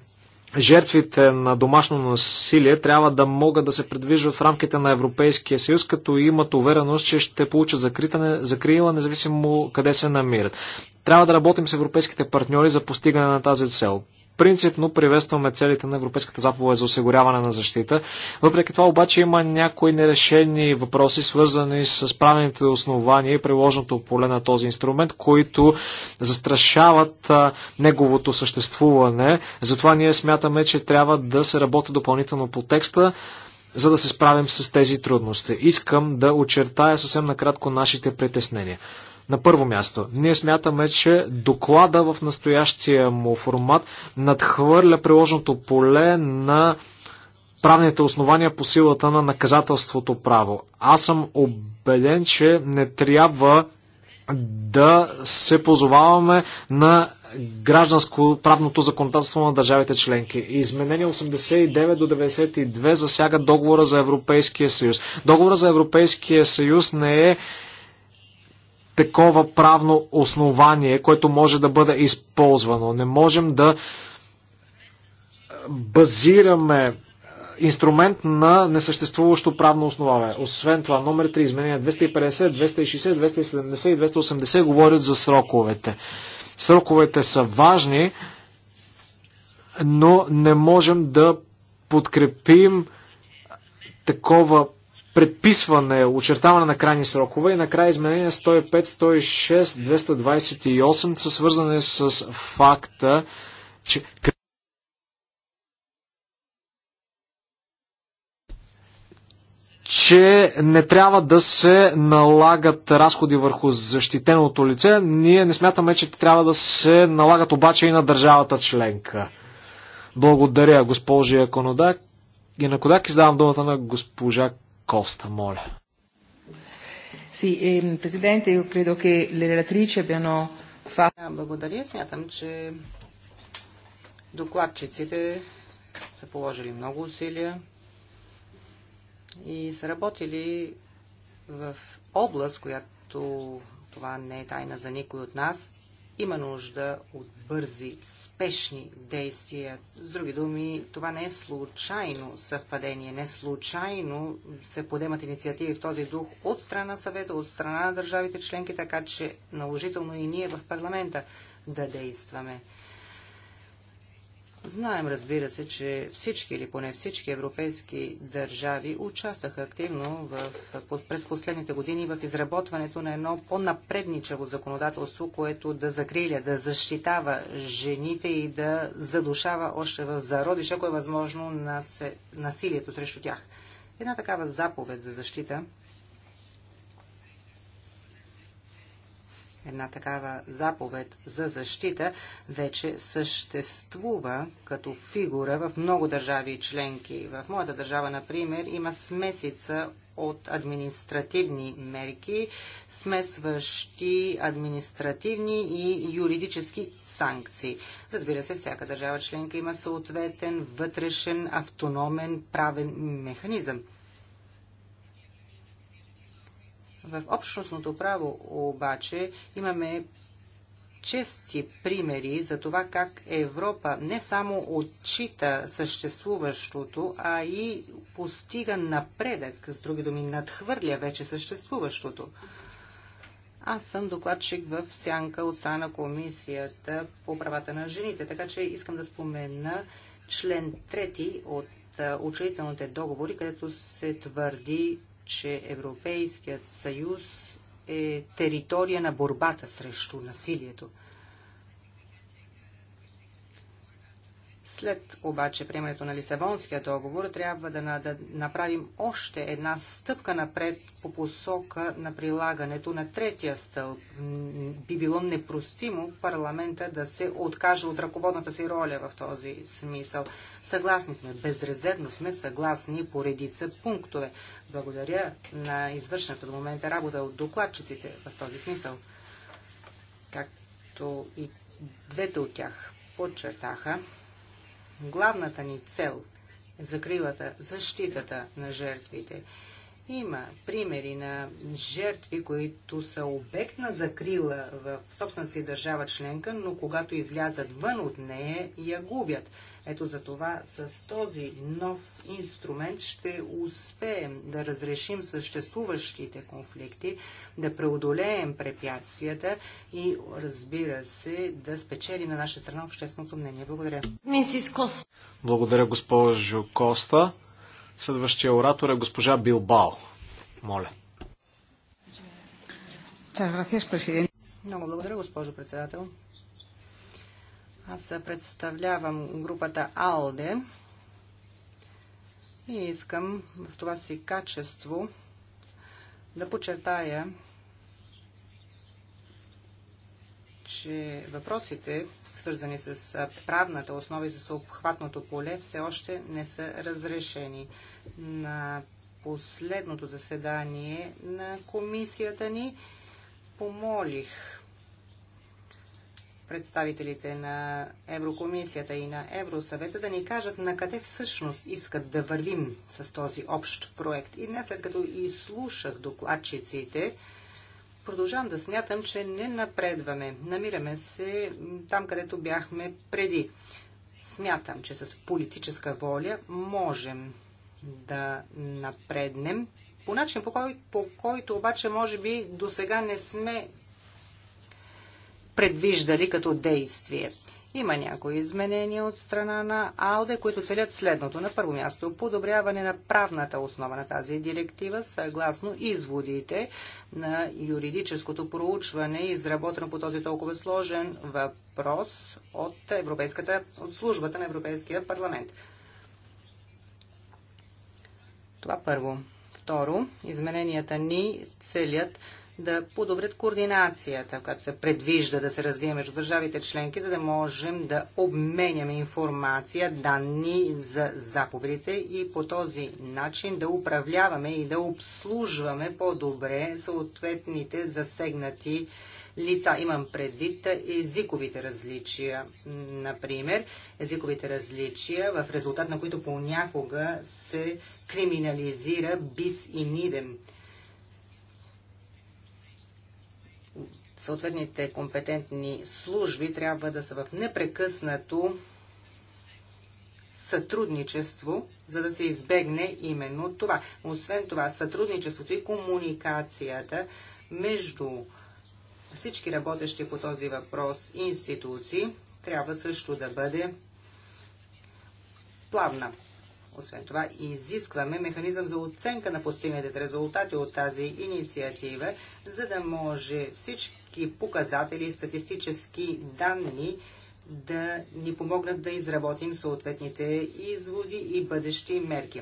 жертвите на домашно насилие трябва да могат да се предвижват в рамките на Европейския съюз, като имат увереност, че ще получат закритане, закрила, независимо къде се намират. Трябва да работим с европейските партньори за постигане на тази цел. Принципно приветстваме целите на Европейската заповед за осигуряване на защита. Въпреки това обаче има някои нерешени въпроси, свързани с правените основания и приложното поле на този инструмент, които застрашават а, неговото съществуване. Затова ние смятаме, че трябва да се работи допълнително по текста за да се справим с тези трудности. Искам да очертая съвсем накратко нашите притеснения. На първо място, ние смятаме, че доклада в настоящия му формат надхвърля приложното поле на правните основания по силата на наказателството право. Аз съм убеден, че не трябва да се позоваваме на гражданско-правното законодателство на държавите членки. Изменение 89 до 92 засяга договора за Европейския съюз. Договора за Европейския съюз не е такова правно основание, което може да бъде използвано. Не можем да базираме инструмент на несъществуващо правно основание. Освен това, номер 3, изменения 250, 260, 270 и 280 говорят за сроковете. Сроковете са важни, но не можем да подкрепим такова предписване, очертаване на крайни срокове и накрая изменения 105, 106, 228 са свързани с факта, че че не трябва да се налагат разходи върху защитеното лице. Ние не смятаме, че трябва да се налагат обаче и на държавата членка. Благодаря, госпожи Конодак. И на Кодак издавам думата на госпожа Коста, моля. Си, е, президенте, io credo che le relatrici abbiano fatto... Благодаря. Смятам, че докладчиците са положили много усилия и са работили в област, която това не е тайна за никой от нас, има нужда от бързи, спешни действия. С други думи, това не е случайно съвпадение, не е случайно се подемат инициативи в този дух от страна съвета, от страна на държавите членки, така че наложително и ние в парламента да действаме. Знаем, разбира се, че всички или поне всички европейски държави участваха активно в, през последните години в изработването на едно по-напредничаво законодателство, което да закриля, да защитава жените и да задушава още в зародиш, ако е възможно, насилието срещу тях. Една такава заповед за защита – една такава заповед за защита вече съществува като фигура в много държави и членки. В моята държава, например, има смесица от административни мерки, смесващи административни и юридически санкции. Разбира се, всяка държава членка има съответен вътрешен автономен правен механизъм. В общностното право обаче имаме чести примери за това как Европа не само отчита съществуващото, а и постига напредък, с други думи надхвърля вече съществуващото. Аз съм докладчик в сянка от страна на комисията по правата на жените, така че искам да спомена член 3 от учредителните договори, където се твърди, че Европейският съюз е територия на борбата срещу насилието. След обаче приемането на Лисабонския договор трябва да, направим още една стъпка напред по посока на прилагането на третия стълб. Би било непростимо парламента да се откаже от ръководната си роля в този смисъл. Съгласни сме, безрезервно сме съгласни по редица пунктове. Благодаря на извършната до момента работа от докладчиците в този смисъл, както и двете от тях подчертаха, главната ни цел е – закрилата, защитата на жертвите. Има примери на жертви, които са обект на закрила в собствената си държава членка, но когато излязат вън от нея, я губят. Ето за това с този нов инструмент ще успеем да разрешим съществуващите конфликти, да преодолеем препятствията и разбира се да спечелим на наша страна общественото мнение. Благодаря. Благодаря госпожо Коста. Следващия оратор е госпожа Билбао. Моля. Много благодаря, госпожо председател. Аз представлявам групата АЛДЕ и искам в това си качество да почертая. че въпросите, свързани с правната основа и с обхватното поле, все още не са разрешени. На последното заседание на комисията ни помолих представителите на Еврокомисията и на Евросъвета да ни кажат на къде всъщност искат да вървим с този общ проект. И днес, след като изслушах докладчиците, продължавам да смятам, че не напредваме. Намираме се там, където бяхме преди. Смятам, че с политическа воля можем да напреднем по начин, по, кой, по който обаче може би до сега не сме предвиждали като действие. Има някои изменения от страна на АЛДЕ, които целят следното. На първо място, подобряване на правната основа на тази директива, съгласно изводите на юридическото проучване, изработено по този толкова сложен въпрос от, Европейската, от службата на Европейския парламент. Това първо. Второ, измененията ни целят да подобрят координацията, която се предвижда да се развие между държавите членки, за да можем да обменяме информация, данни за заповедите и по този начин да управляваме и да обслужваме по-добре съответните засегнати лица. Имам предвид езиковите различия, например, езиковите различия, в резултат на които понякога се криминализира бис и нидем съответните компетентни служби трябва да са в непрекъснато сътрудничество, за да се избегне именно това. Освен това, сътрудничеството и комуникацията между всички работещи по този въпрос институции трябва също да бъде плавна. Освен това, изискваме механизъм за оценка на постигнатите резултати от тази инициатива, за да може всички показатели и статистически данни да ни помогнат да изработим съответните изводи и бъдещи мерки.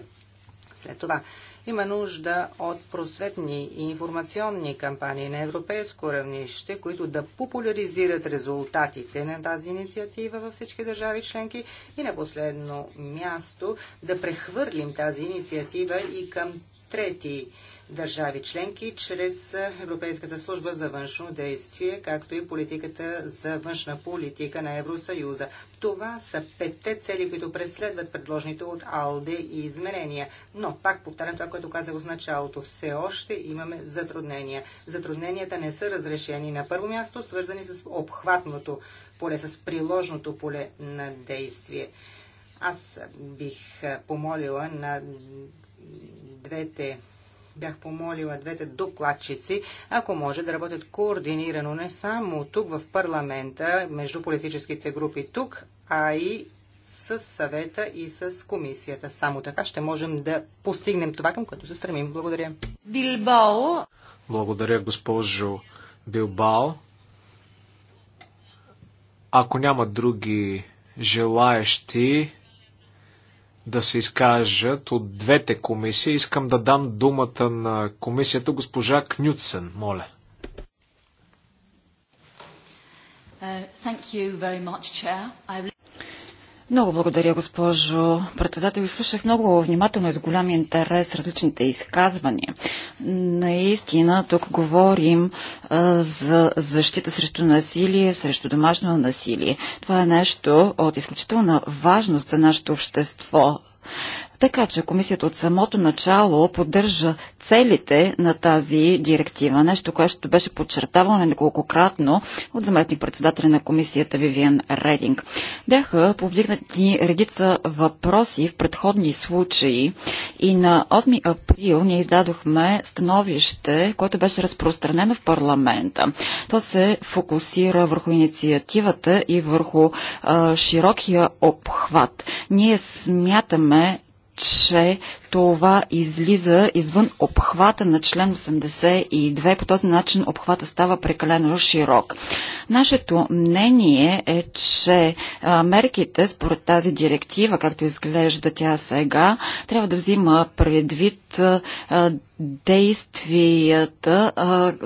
След това, има нужда от просветни и информационни кампании на европейско равнище, които да популяризират резултатите на тази инициатива във всички държави членки и на последно място да прехвърлим тази инициатива и към трети държави членки чрез Европейската служба за външно действие, както и политиката за външна политика на Евросъюза. Това са петте цели, които преследват предложените от АЛДЕ и изменения. Но, пак повтарям това, което казах в началото, все още имаме затруднения. Затрудненията не са разрешени. На първо място, свързани с обхватното поле, с приложното поле на действие. Аз бих помолила на двете бях помолила двете докладчици, ако може да работят координирано не само тук в парламента, между политическите групи тук, а и с съвета и с комисията. Само така ще можем да постигнем това, към което се стремим. Благодаря. Билбао. Благодаря, госпожо Билбао. Ако няма други желаещи, да се изкажат от двете комисии. Искам да дам думата на комисията госпожа Кнюцен, моля. Uh, thank you very much, Chair. I've... Много благодаря, госпожо председател. И слушах много внимателно и с голям интерес различните изказвания. Наистина, тук говорим а, за защита срещу насилие, срещу домашно насилие. Това е нещо от изключителна важност за нашето общество. Така че комисията от самото начало поддържа целите на тази директива, нещо, което беше подчертавано неколкократно от заместник председателя на комисията Вивиан Рединг. Бяха повдигнати редица въпроси в предходни случаи и на 8 април ние издадохме становище, което беше разпространено в парламента. То се фокусира върху инициативата и върху а, широкия обхват. Ние смятаме, че това излиза извън обхвата на член 82. По този начин обхвата става прекалено широк. Нашето мнение е, че мерките според тази директива, както изглежда тя сега, трябва да взима предвид действията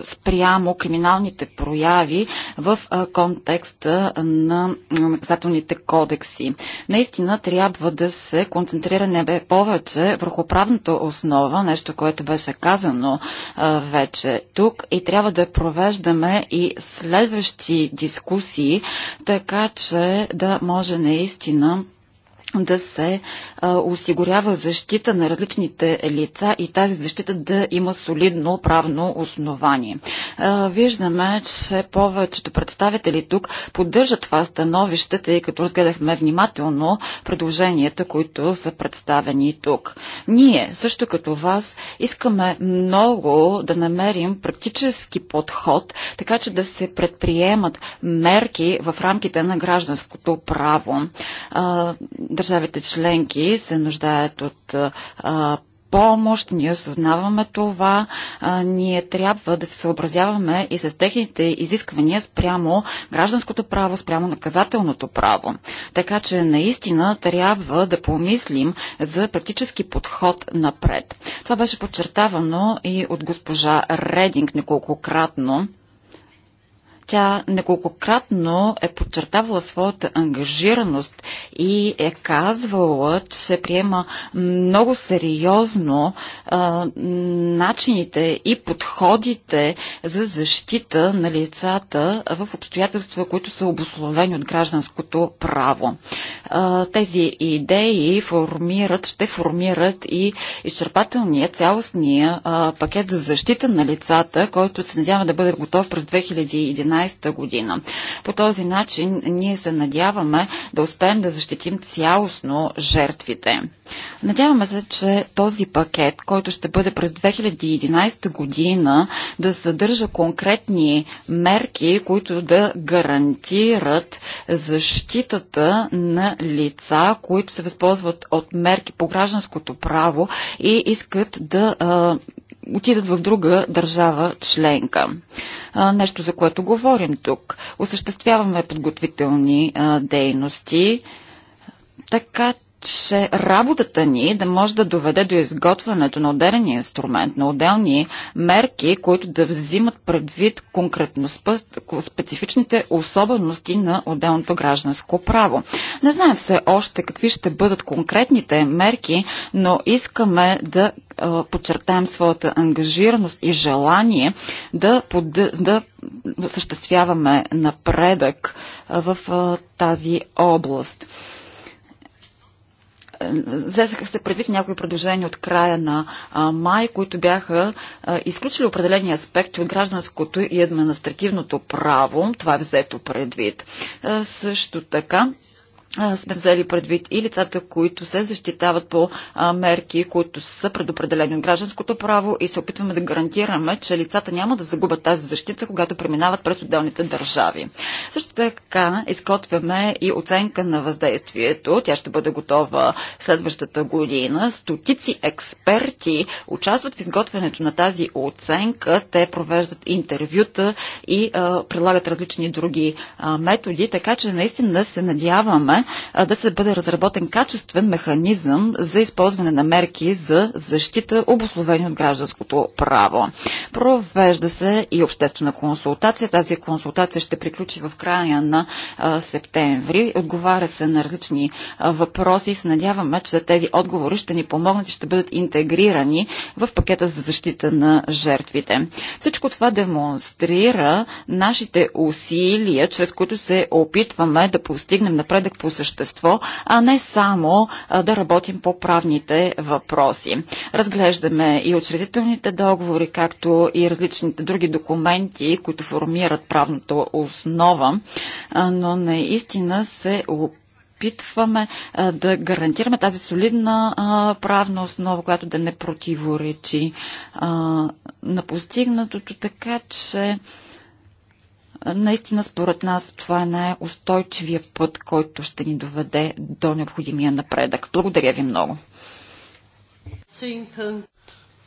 спрямо криминалните прояви в контекста на наказателните кодекси. Наистина трябва да се концентрира небе повече върху върху правната основа, нещо, което беше казано а, вече тук и трябва да провеждаме и следващи дискусии, така че да може наистина да се а, осигурява защита на различните лица и тази защита да има солидно правно основание. А, виждаме, че повечето представители тук поддържат това становище, тъй като разгледахме внимателно предложенията, които са представени тук. Ние, също като вас, искаме много да намерим практически подход, така че да се предприемат мерки в рамките на гражданското право. А, Държавите членки се нуждаят от а, помощ, ние осъзнаваме това, а, ние трябва да се съобразяваме и с техните изисквания спрямо гражданското право, спрямо наказателното право. Така че наистина трябва да помислим за практически подход напред. Това беше подчертавано и от госпожа Рединг неколкократно. Тя неколкократно е подчертавала своята ангажираност и е казвала, че приема много сериозно а, начините и подходите за защита на лицата в обстоятелства, които са обословени от гражданското право тези идеи формират, ще формират и изчерпателния, цялостния пакет за защита на лицата, който се надява да бъде готов през 2011 година. По този начин ние се надяваме да успеем да защитим цялостно жертвите. Надяваме се, че този пакет, който ще бъде през 2011 година, да съдържа конкретни мерки, които да гарантират защитата на лица, които се възползват от мерки по гражданското право и искат да а, отидат в друга държава членка. А, нещо, за което говорим тук. Осъществяваме подготвителни а, дейности, така че работата ни да може да доведе до изготвянето на отделен инструмент, на отделни мерки, които да взимат предвид конкретно специфичните особености на отделното гражданско право. Не знаем все още какви ще бъдат конкретните мерки, но искаме да подчертаем своята ангажираност и желание да, под, да съществяваме напредък в тази област взеха се предвид някои предложения от края на а, май, които бяха а, изключили определени аспекти от гражданското и административното право. Това е взето предвид. А, също така сме взели предвид и лицата, които се защитават по мерки, които са предопределени от гражданското право и се опитваме да гарантираме, че лицата няма да загубят тази защита, когато преминават през отделните държави. Също така изготвяме и оценка на въздействието. Тя ще бъде готова следващата година. Стотици експерти участват в изготвянето на тази оценка. Те провеждат интервюта и а, прилагат различни други а, методи, така че наистина се надяваме, да се бъде разработен качествен механизъм за използване на мерки за защита, обословени от гражданското право. Провежда се и обществена консултация. Тази консултация ще приключи в края на септември. Отговаря се на различни въпроси и се надяваме, че тези отговори ще ни помогнат и ще бъдат интегрирани в пакета за защита на жертвите. Всичко това демонстрира нашите усилия, чрез които се опитваме да постигнем напредък по същество, а не само да работим по правните въпроси. Разглеждаме и учредителните договори, както и различните други документи, които формират правната основа, но наистина се опитваме да гарантираме тази солидна правна основа, която да не противоречи на постигнатото, така че Наистина, според нас, това е най-устойчивия път, който ще ни доведе до необходимия напредък. Благодаря ви много.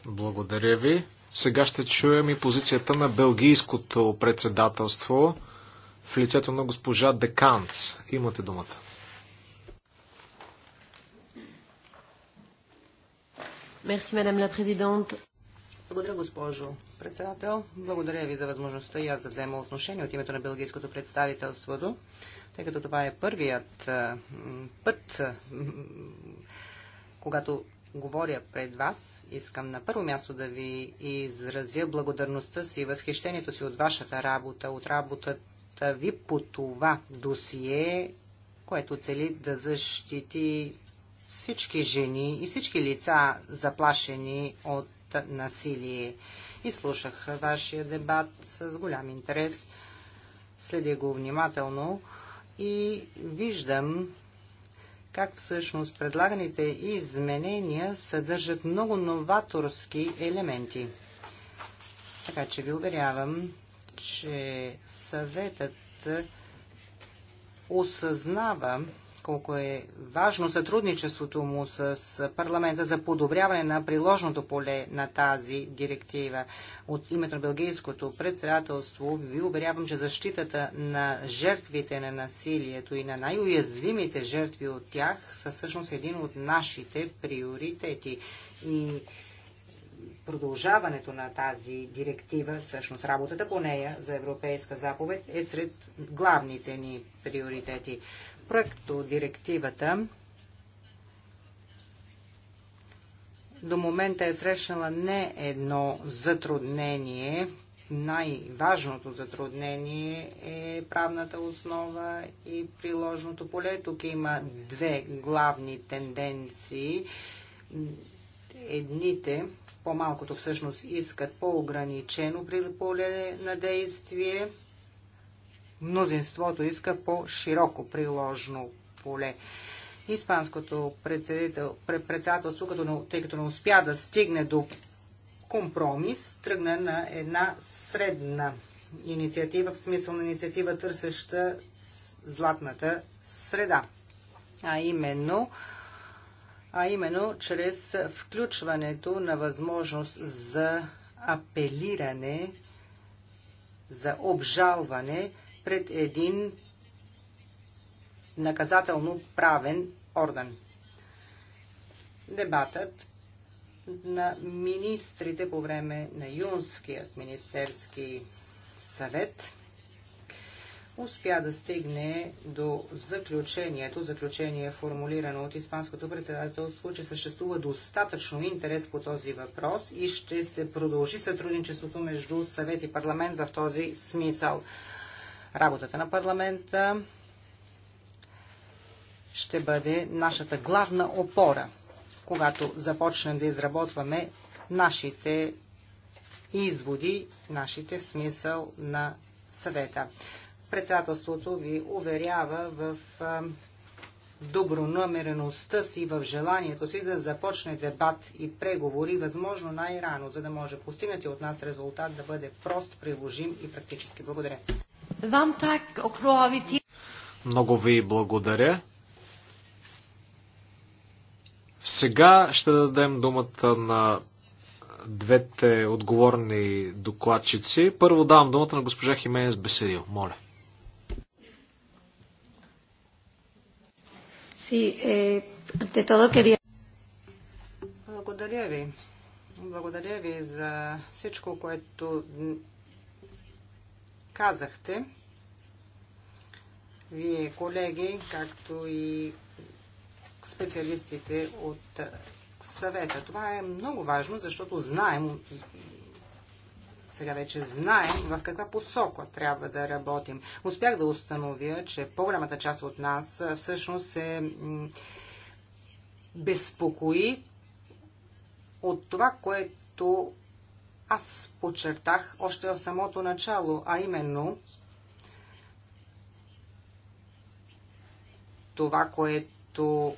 Благодаря ви. Сега ще чуем и позицията на Белгийското председателство в лицето на госпожа Деканц. Имате думата. Мерси, мадам ла президент. Благодаря, госпожо председател. Благодаря ви за възможността и аз да взема отношение от името на Белгийското представителство, тъй като това е първият път, когато говоря пред вас, искам на първо място да ви изразя благодарността си и възхищението си от вашата работа, от работата ви по това досие, което цели да защити всички жени и всички лица, заплашени от насилие. И слушах вашия дебат с голям интерес. Следя го внимателно и виждам как всъщност предлаганите изменения съдържат много новаторски елементи. Така че ви уверявам, че съветът осъзнава колко е важно сътрудничеството му с парламента за подобряване на приложното поле на тази директива. От името на Белгийското председателство ви уверявам, че защитата на жертвите на насилието и на най-уязвимите жертви от тях са всъщност един от нашите приоритети. И продължаването на тази директива, всъщност работата по нея за европейска заповед е сред главните ни приоритети проекто директивата до момента е срещнала не едно затруднение. Най-важното затруднение е правната основа и приложното поле. Тук има две главни тенденции. Едните, по-малкото всъщност, искат по-ограничено поле на действие – мнозинството иска по-широко приложно поле. Испанското председателство, като, тъй като не успя да стигне до компромис, тръгна на една средна инициатива, в смисъл на инициатива, търсеща златната среда. А именно, а именно чрез включването на възможност за апелиране, за обжалване пред един наказателно правен орган. Дебатът на министрите по време на Юнският министерски съвет успя да стигне до заключението, заключение формулирано от Испанското председателство, че съществува достатъчно интерес по този въпрос и ще се продължи сътрудничеството между съвет и парламент в този смисъл работата на парламента ще бъде нашата главна опора, когато започнем да изработваме нашите изводи, нашите смисъл на съвета. Председателството ви уверява в добронамереността си, в желанието си да започне дебат и преговори, възможно най-рано, за да може постигнати от нас резултат да бъде прост, приложим и практически. Благодаря. Много ви благодаря. Сега ще дадем думата на двете отговорни докладчици. Първо давам думата на госпожа Хименес Беседил. Моля. Eh, благодаря ви. Благодаря ви за всичко, което казахте, вие колеги, както и специалистите от съвета. Това е много важно, защото знаем, сега вече знаем в каква посока трябва да работим. Успях да установя, че по-голямата част от нас всъщност се безпокои от това, което аз подчертах още в самото начало, а именно това, което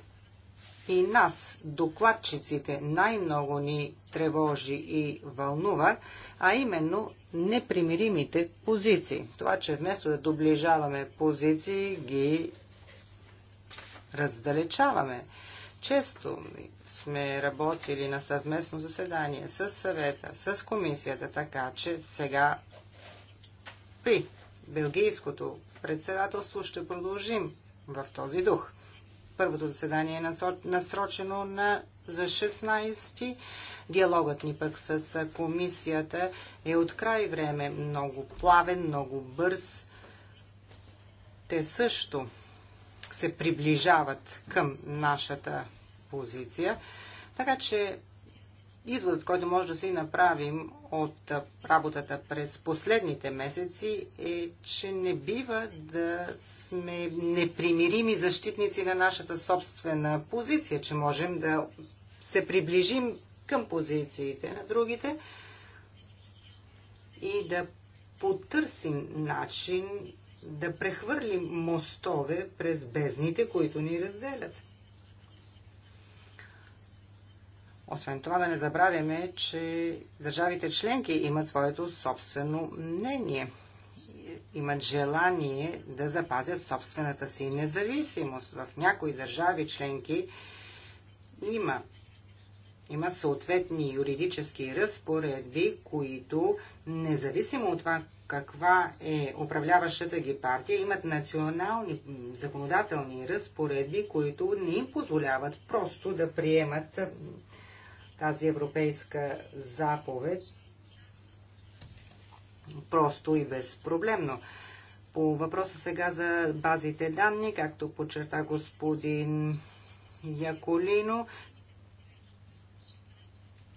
и нас, докладчиците, най-много ни тревожи и вълнува, а именно непримиримите позиции. Това, че вместо да доближаваме позиции, ги раздалечаваме. Често сме работили на съвместно заседание с съвета, с комисията, така че сега при Белгийското председателство ще продължим в този дух. Първото заседание е насрочено на за 16. Диалогът ни пък с комисията е от край време много плавен, много бърз. Те също се приближават към нашата позиция. Така че изводът, който може да си направим от работата през последните месеци е, че не бива да сме непримирими защитници на нашата собствена позиция, че можем да се приближим към позициите на другите и да потърсим начин да прехвърлим мостове през бездните, които ни разделят. Освен това да не забравяме, че държавите членки имат своето собствено мнение имат желание да запазят собствената си независимост. В някои държави членки има, има съответни юридически разпоредби, които независимо от това каква е управляващата ги партия, имат национални законодателни разпоредби, които не им позволяват просто да приемат тази европейска заповед просто и безпроблемно. По въпроса сега за базите данни, както подчерта господин Яколино,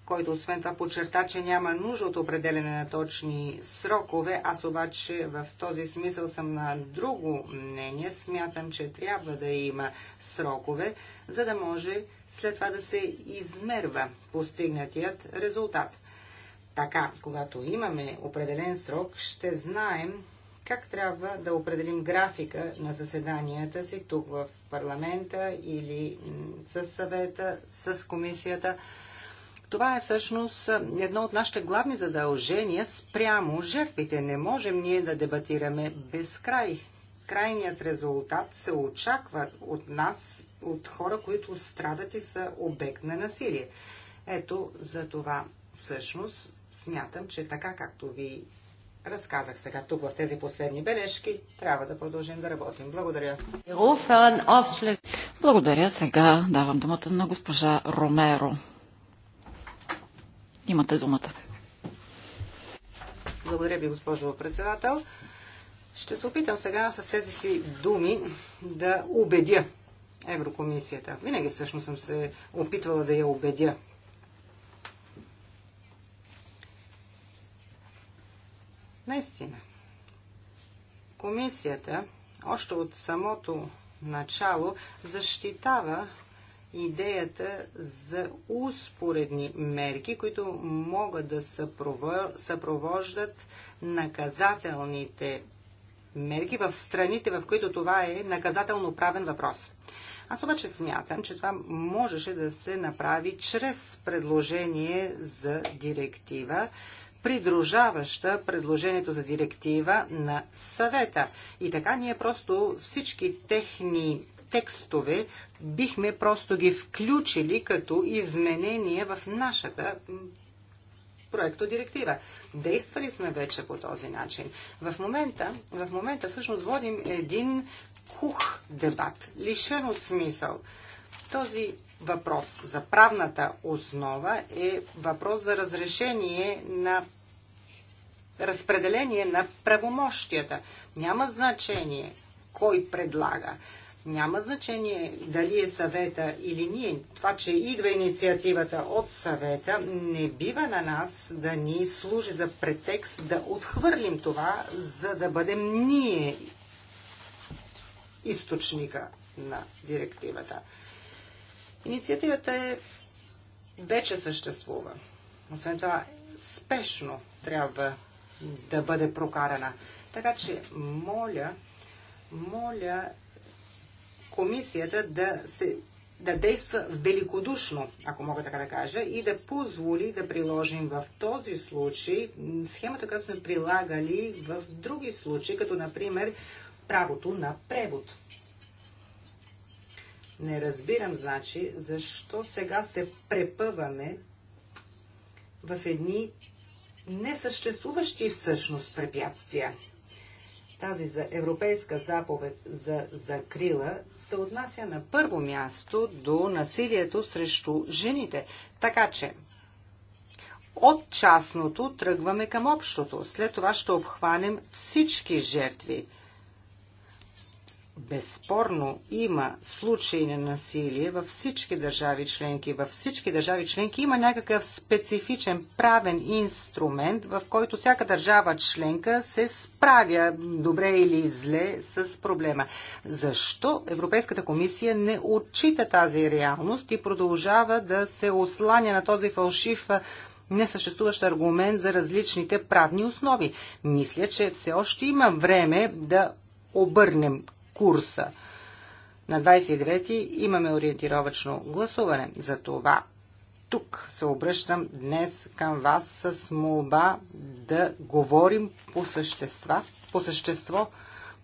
който освен това подчерта, че няма нужда от определене на точни срокове. Аз обаче в този смисъл съм на друго мнение. Смятам, че трябва да има срокове, за да може след това да се измерва постигнатият резултат. Така, когато имаме определен срок, ще знаем как трябва да определим графика на заседанията си тук в парламента или с съвета, с комисията. Това е всъщност едно от нашите главни задължения спрямо жертвите. Не можем ние да дебатираме безкрай. Крайният резултат се очаква от нас, от хора, които страдат и са обект на насилие. Ето за това всъщност смятам, че така както ви разказах сега тук в тези последни бележки, трябва да продължим да работим. Благодаря. Благодаря. Сега давам думата на госпожа Ромеро. Имате думата. Благодаря ви, госпожо председател. Ще се опитам сега с тези си думи да убедя Еврокомисията. Винаги всъщност съм се опитвала да я убедя. Наистина, комисията още от самото начало защитава идеята за успоредни мерки, които могат да съпровождат наказателните мерки в страните, в които това е наказателно правен въпрос. Аз обаче смятам, че това можеше да се направи чрез предложение за директива, придружаваща предложението за директива на съвета. И така ние просто всички техни текстове бихме просто ги включили като изменение в нашата проектодиректива. Действали сме вече по този начин. В момента, в момента всъщност водим един кух дебат, лишен от смисъл. Този въпрос за правната основа е въпрос за разрешение на разпределение на правомощията. Няма значение кой предлага. Няма значение дали е съвета или ние. Това, че идва инициативата от съвета, не бива на нас да ни служи за претекст да отхвърлим това, за да бъдем ние източника на директивата. Инициативата е вече съществува. Освен това, спешно трябва да бъде прокарана. Така че, моля, моля комисията да се да действа великодушно, ако мога така да кажа, и да позволи да приложим в този случай схемата, която сме прилагали в други случаи, като например правото на превод. Не разбирам, значи, защо сега се препъваме в едни несъществуващи всъщност препятствия. Тази за европейска заповед за закрила се отнася на първо място до насилието срещу жените. Така че, от частното тръгваме към общото. След това ще обхванем всички жертви – Безспорно има случаи на насилие във всички държави членки. Във всички държави членки има някакъв специфичен правен инструмент, в който всяка държава членка се справя добре или зле с проблема. Защо Европейската комисия не отчита тази реалност и продължава да се осланя на този фалшив несъществуващ аргумент за различните правни основи? Мисля, че все още има време да обърнем курса. На 29-ти имаме ориентировачно гласуване. За това тук се обръщам днес към вас с молба да говорим по, същества, по същество,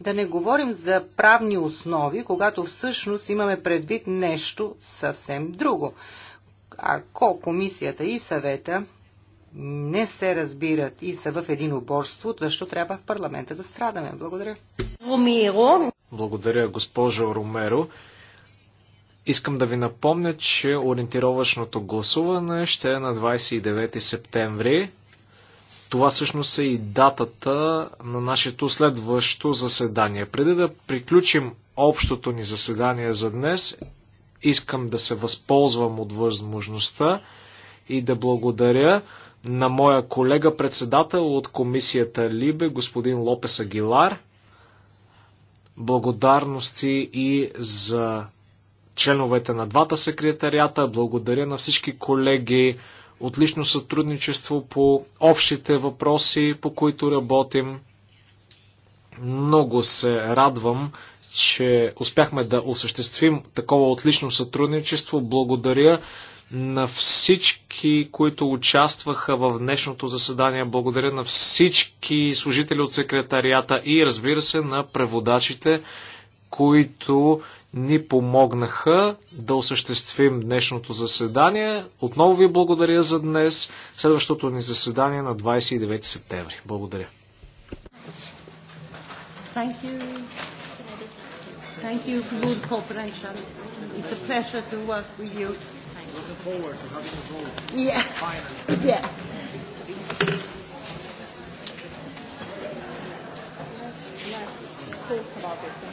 да не говорим за правни основи, когато всъщност имаме предвид нещо съвсем друго. Ако комисията и съвета не се разбират и са в един уборство, защо трябва в парламента да страдаме? Благодаря. Ромеро. Благодаря, госпожо Ромеро. Искам да ви напомня, че ориентировъчното гласуване ще е на 29 септември. Това всъщност е и датата на нашето следващо заседание. Преди да приключим общото ни заседание за днес, искам да се възползвам от възможността и да благодаря на моя колега председател от комисията Либе, господин Лопес Агилар. Благодарности и за членовете на двата секретарията. Благодаря на всички колеги. Отлично сътрудничество по общите въпроси, по които работим. Много се радвам, че успяхме да осъществим такова отлично сътрудничество. Благодаря на всички, които участваха в днешното заседание. Благодаря на всички служители от секретарията и разбира се на преводачите, които ни помогнаха да осъществим днешното заседание. Отново ви благодаря за днес. Следващото ни заседание на 29 септември. Благодаря. Thank you. Thank you for good cooperation. It's a pleasure to work with you forward to having a vote. Yeah. Finally. Yeah. Let's talk about it.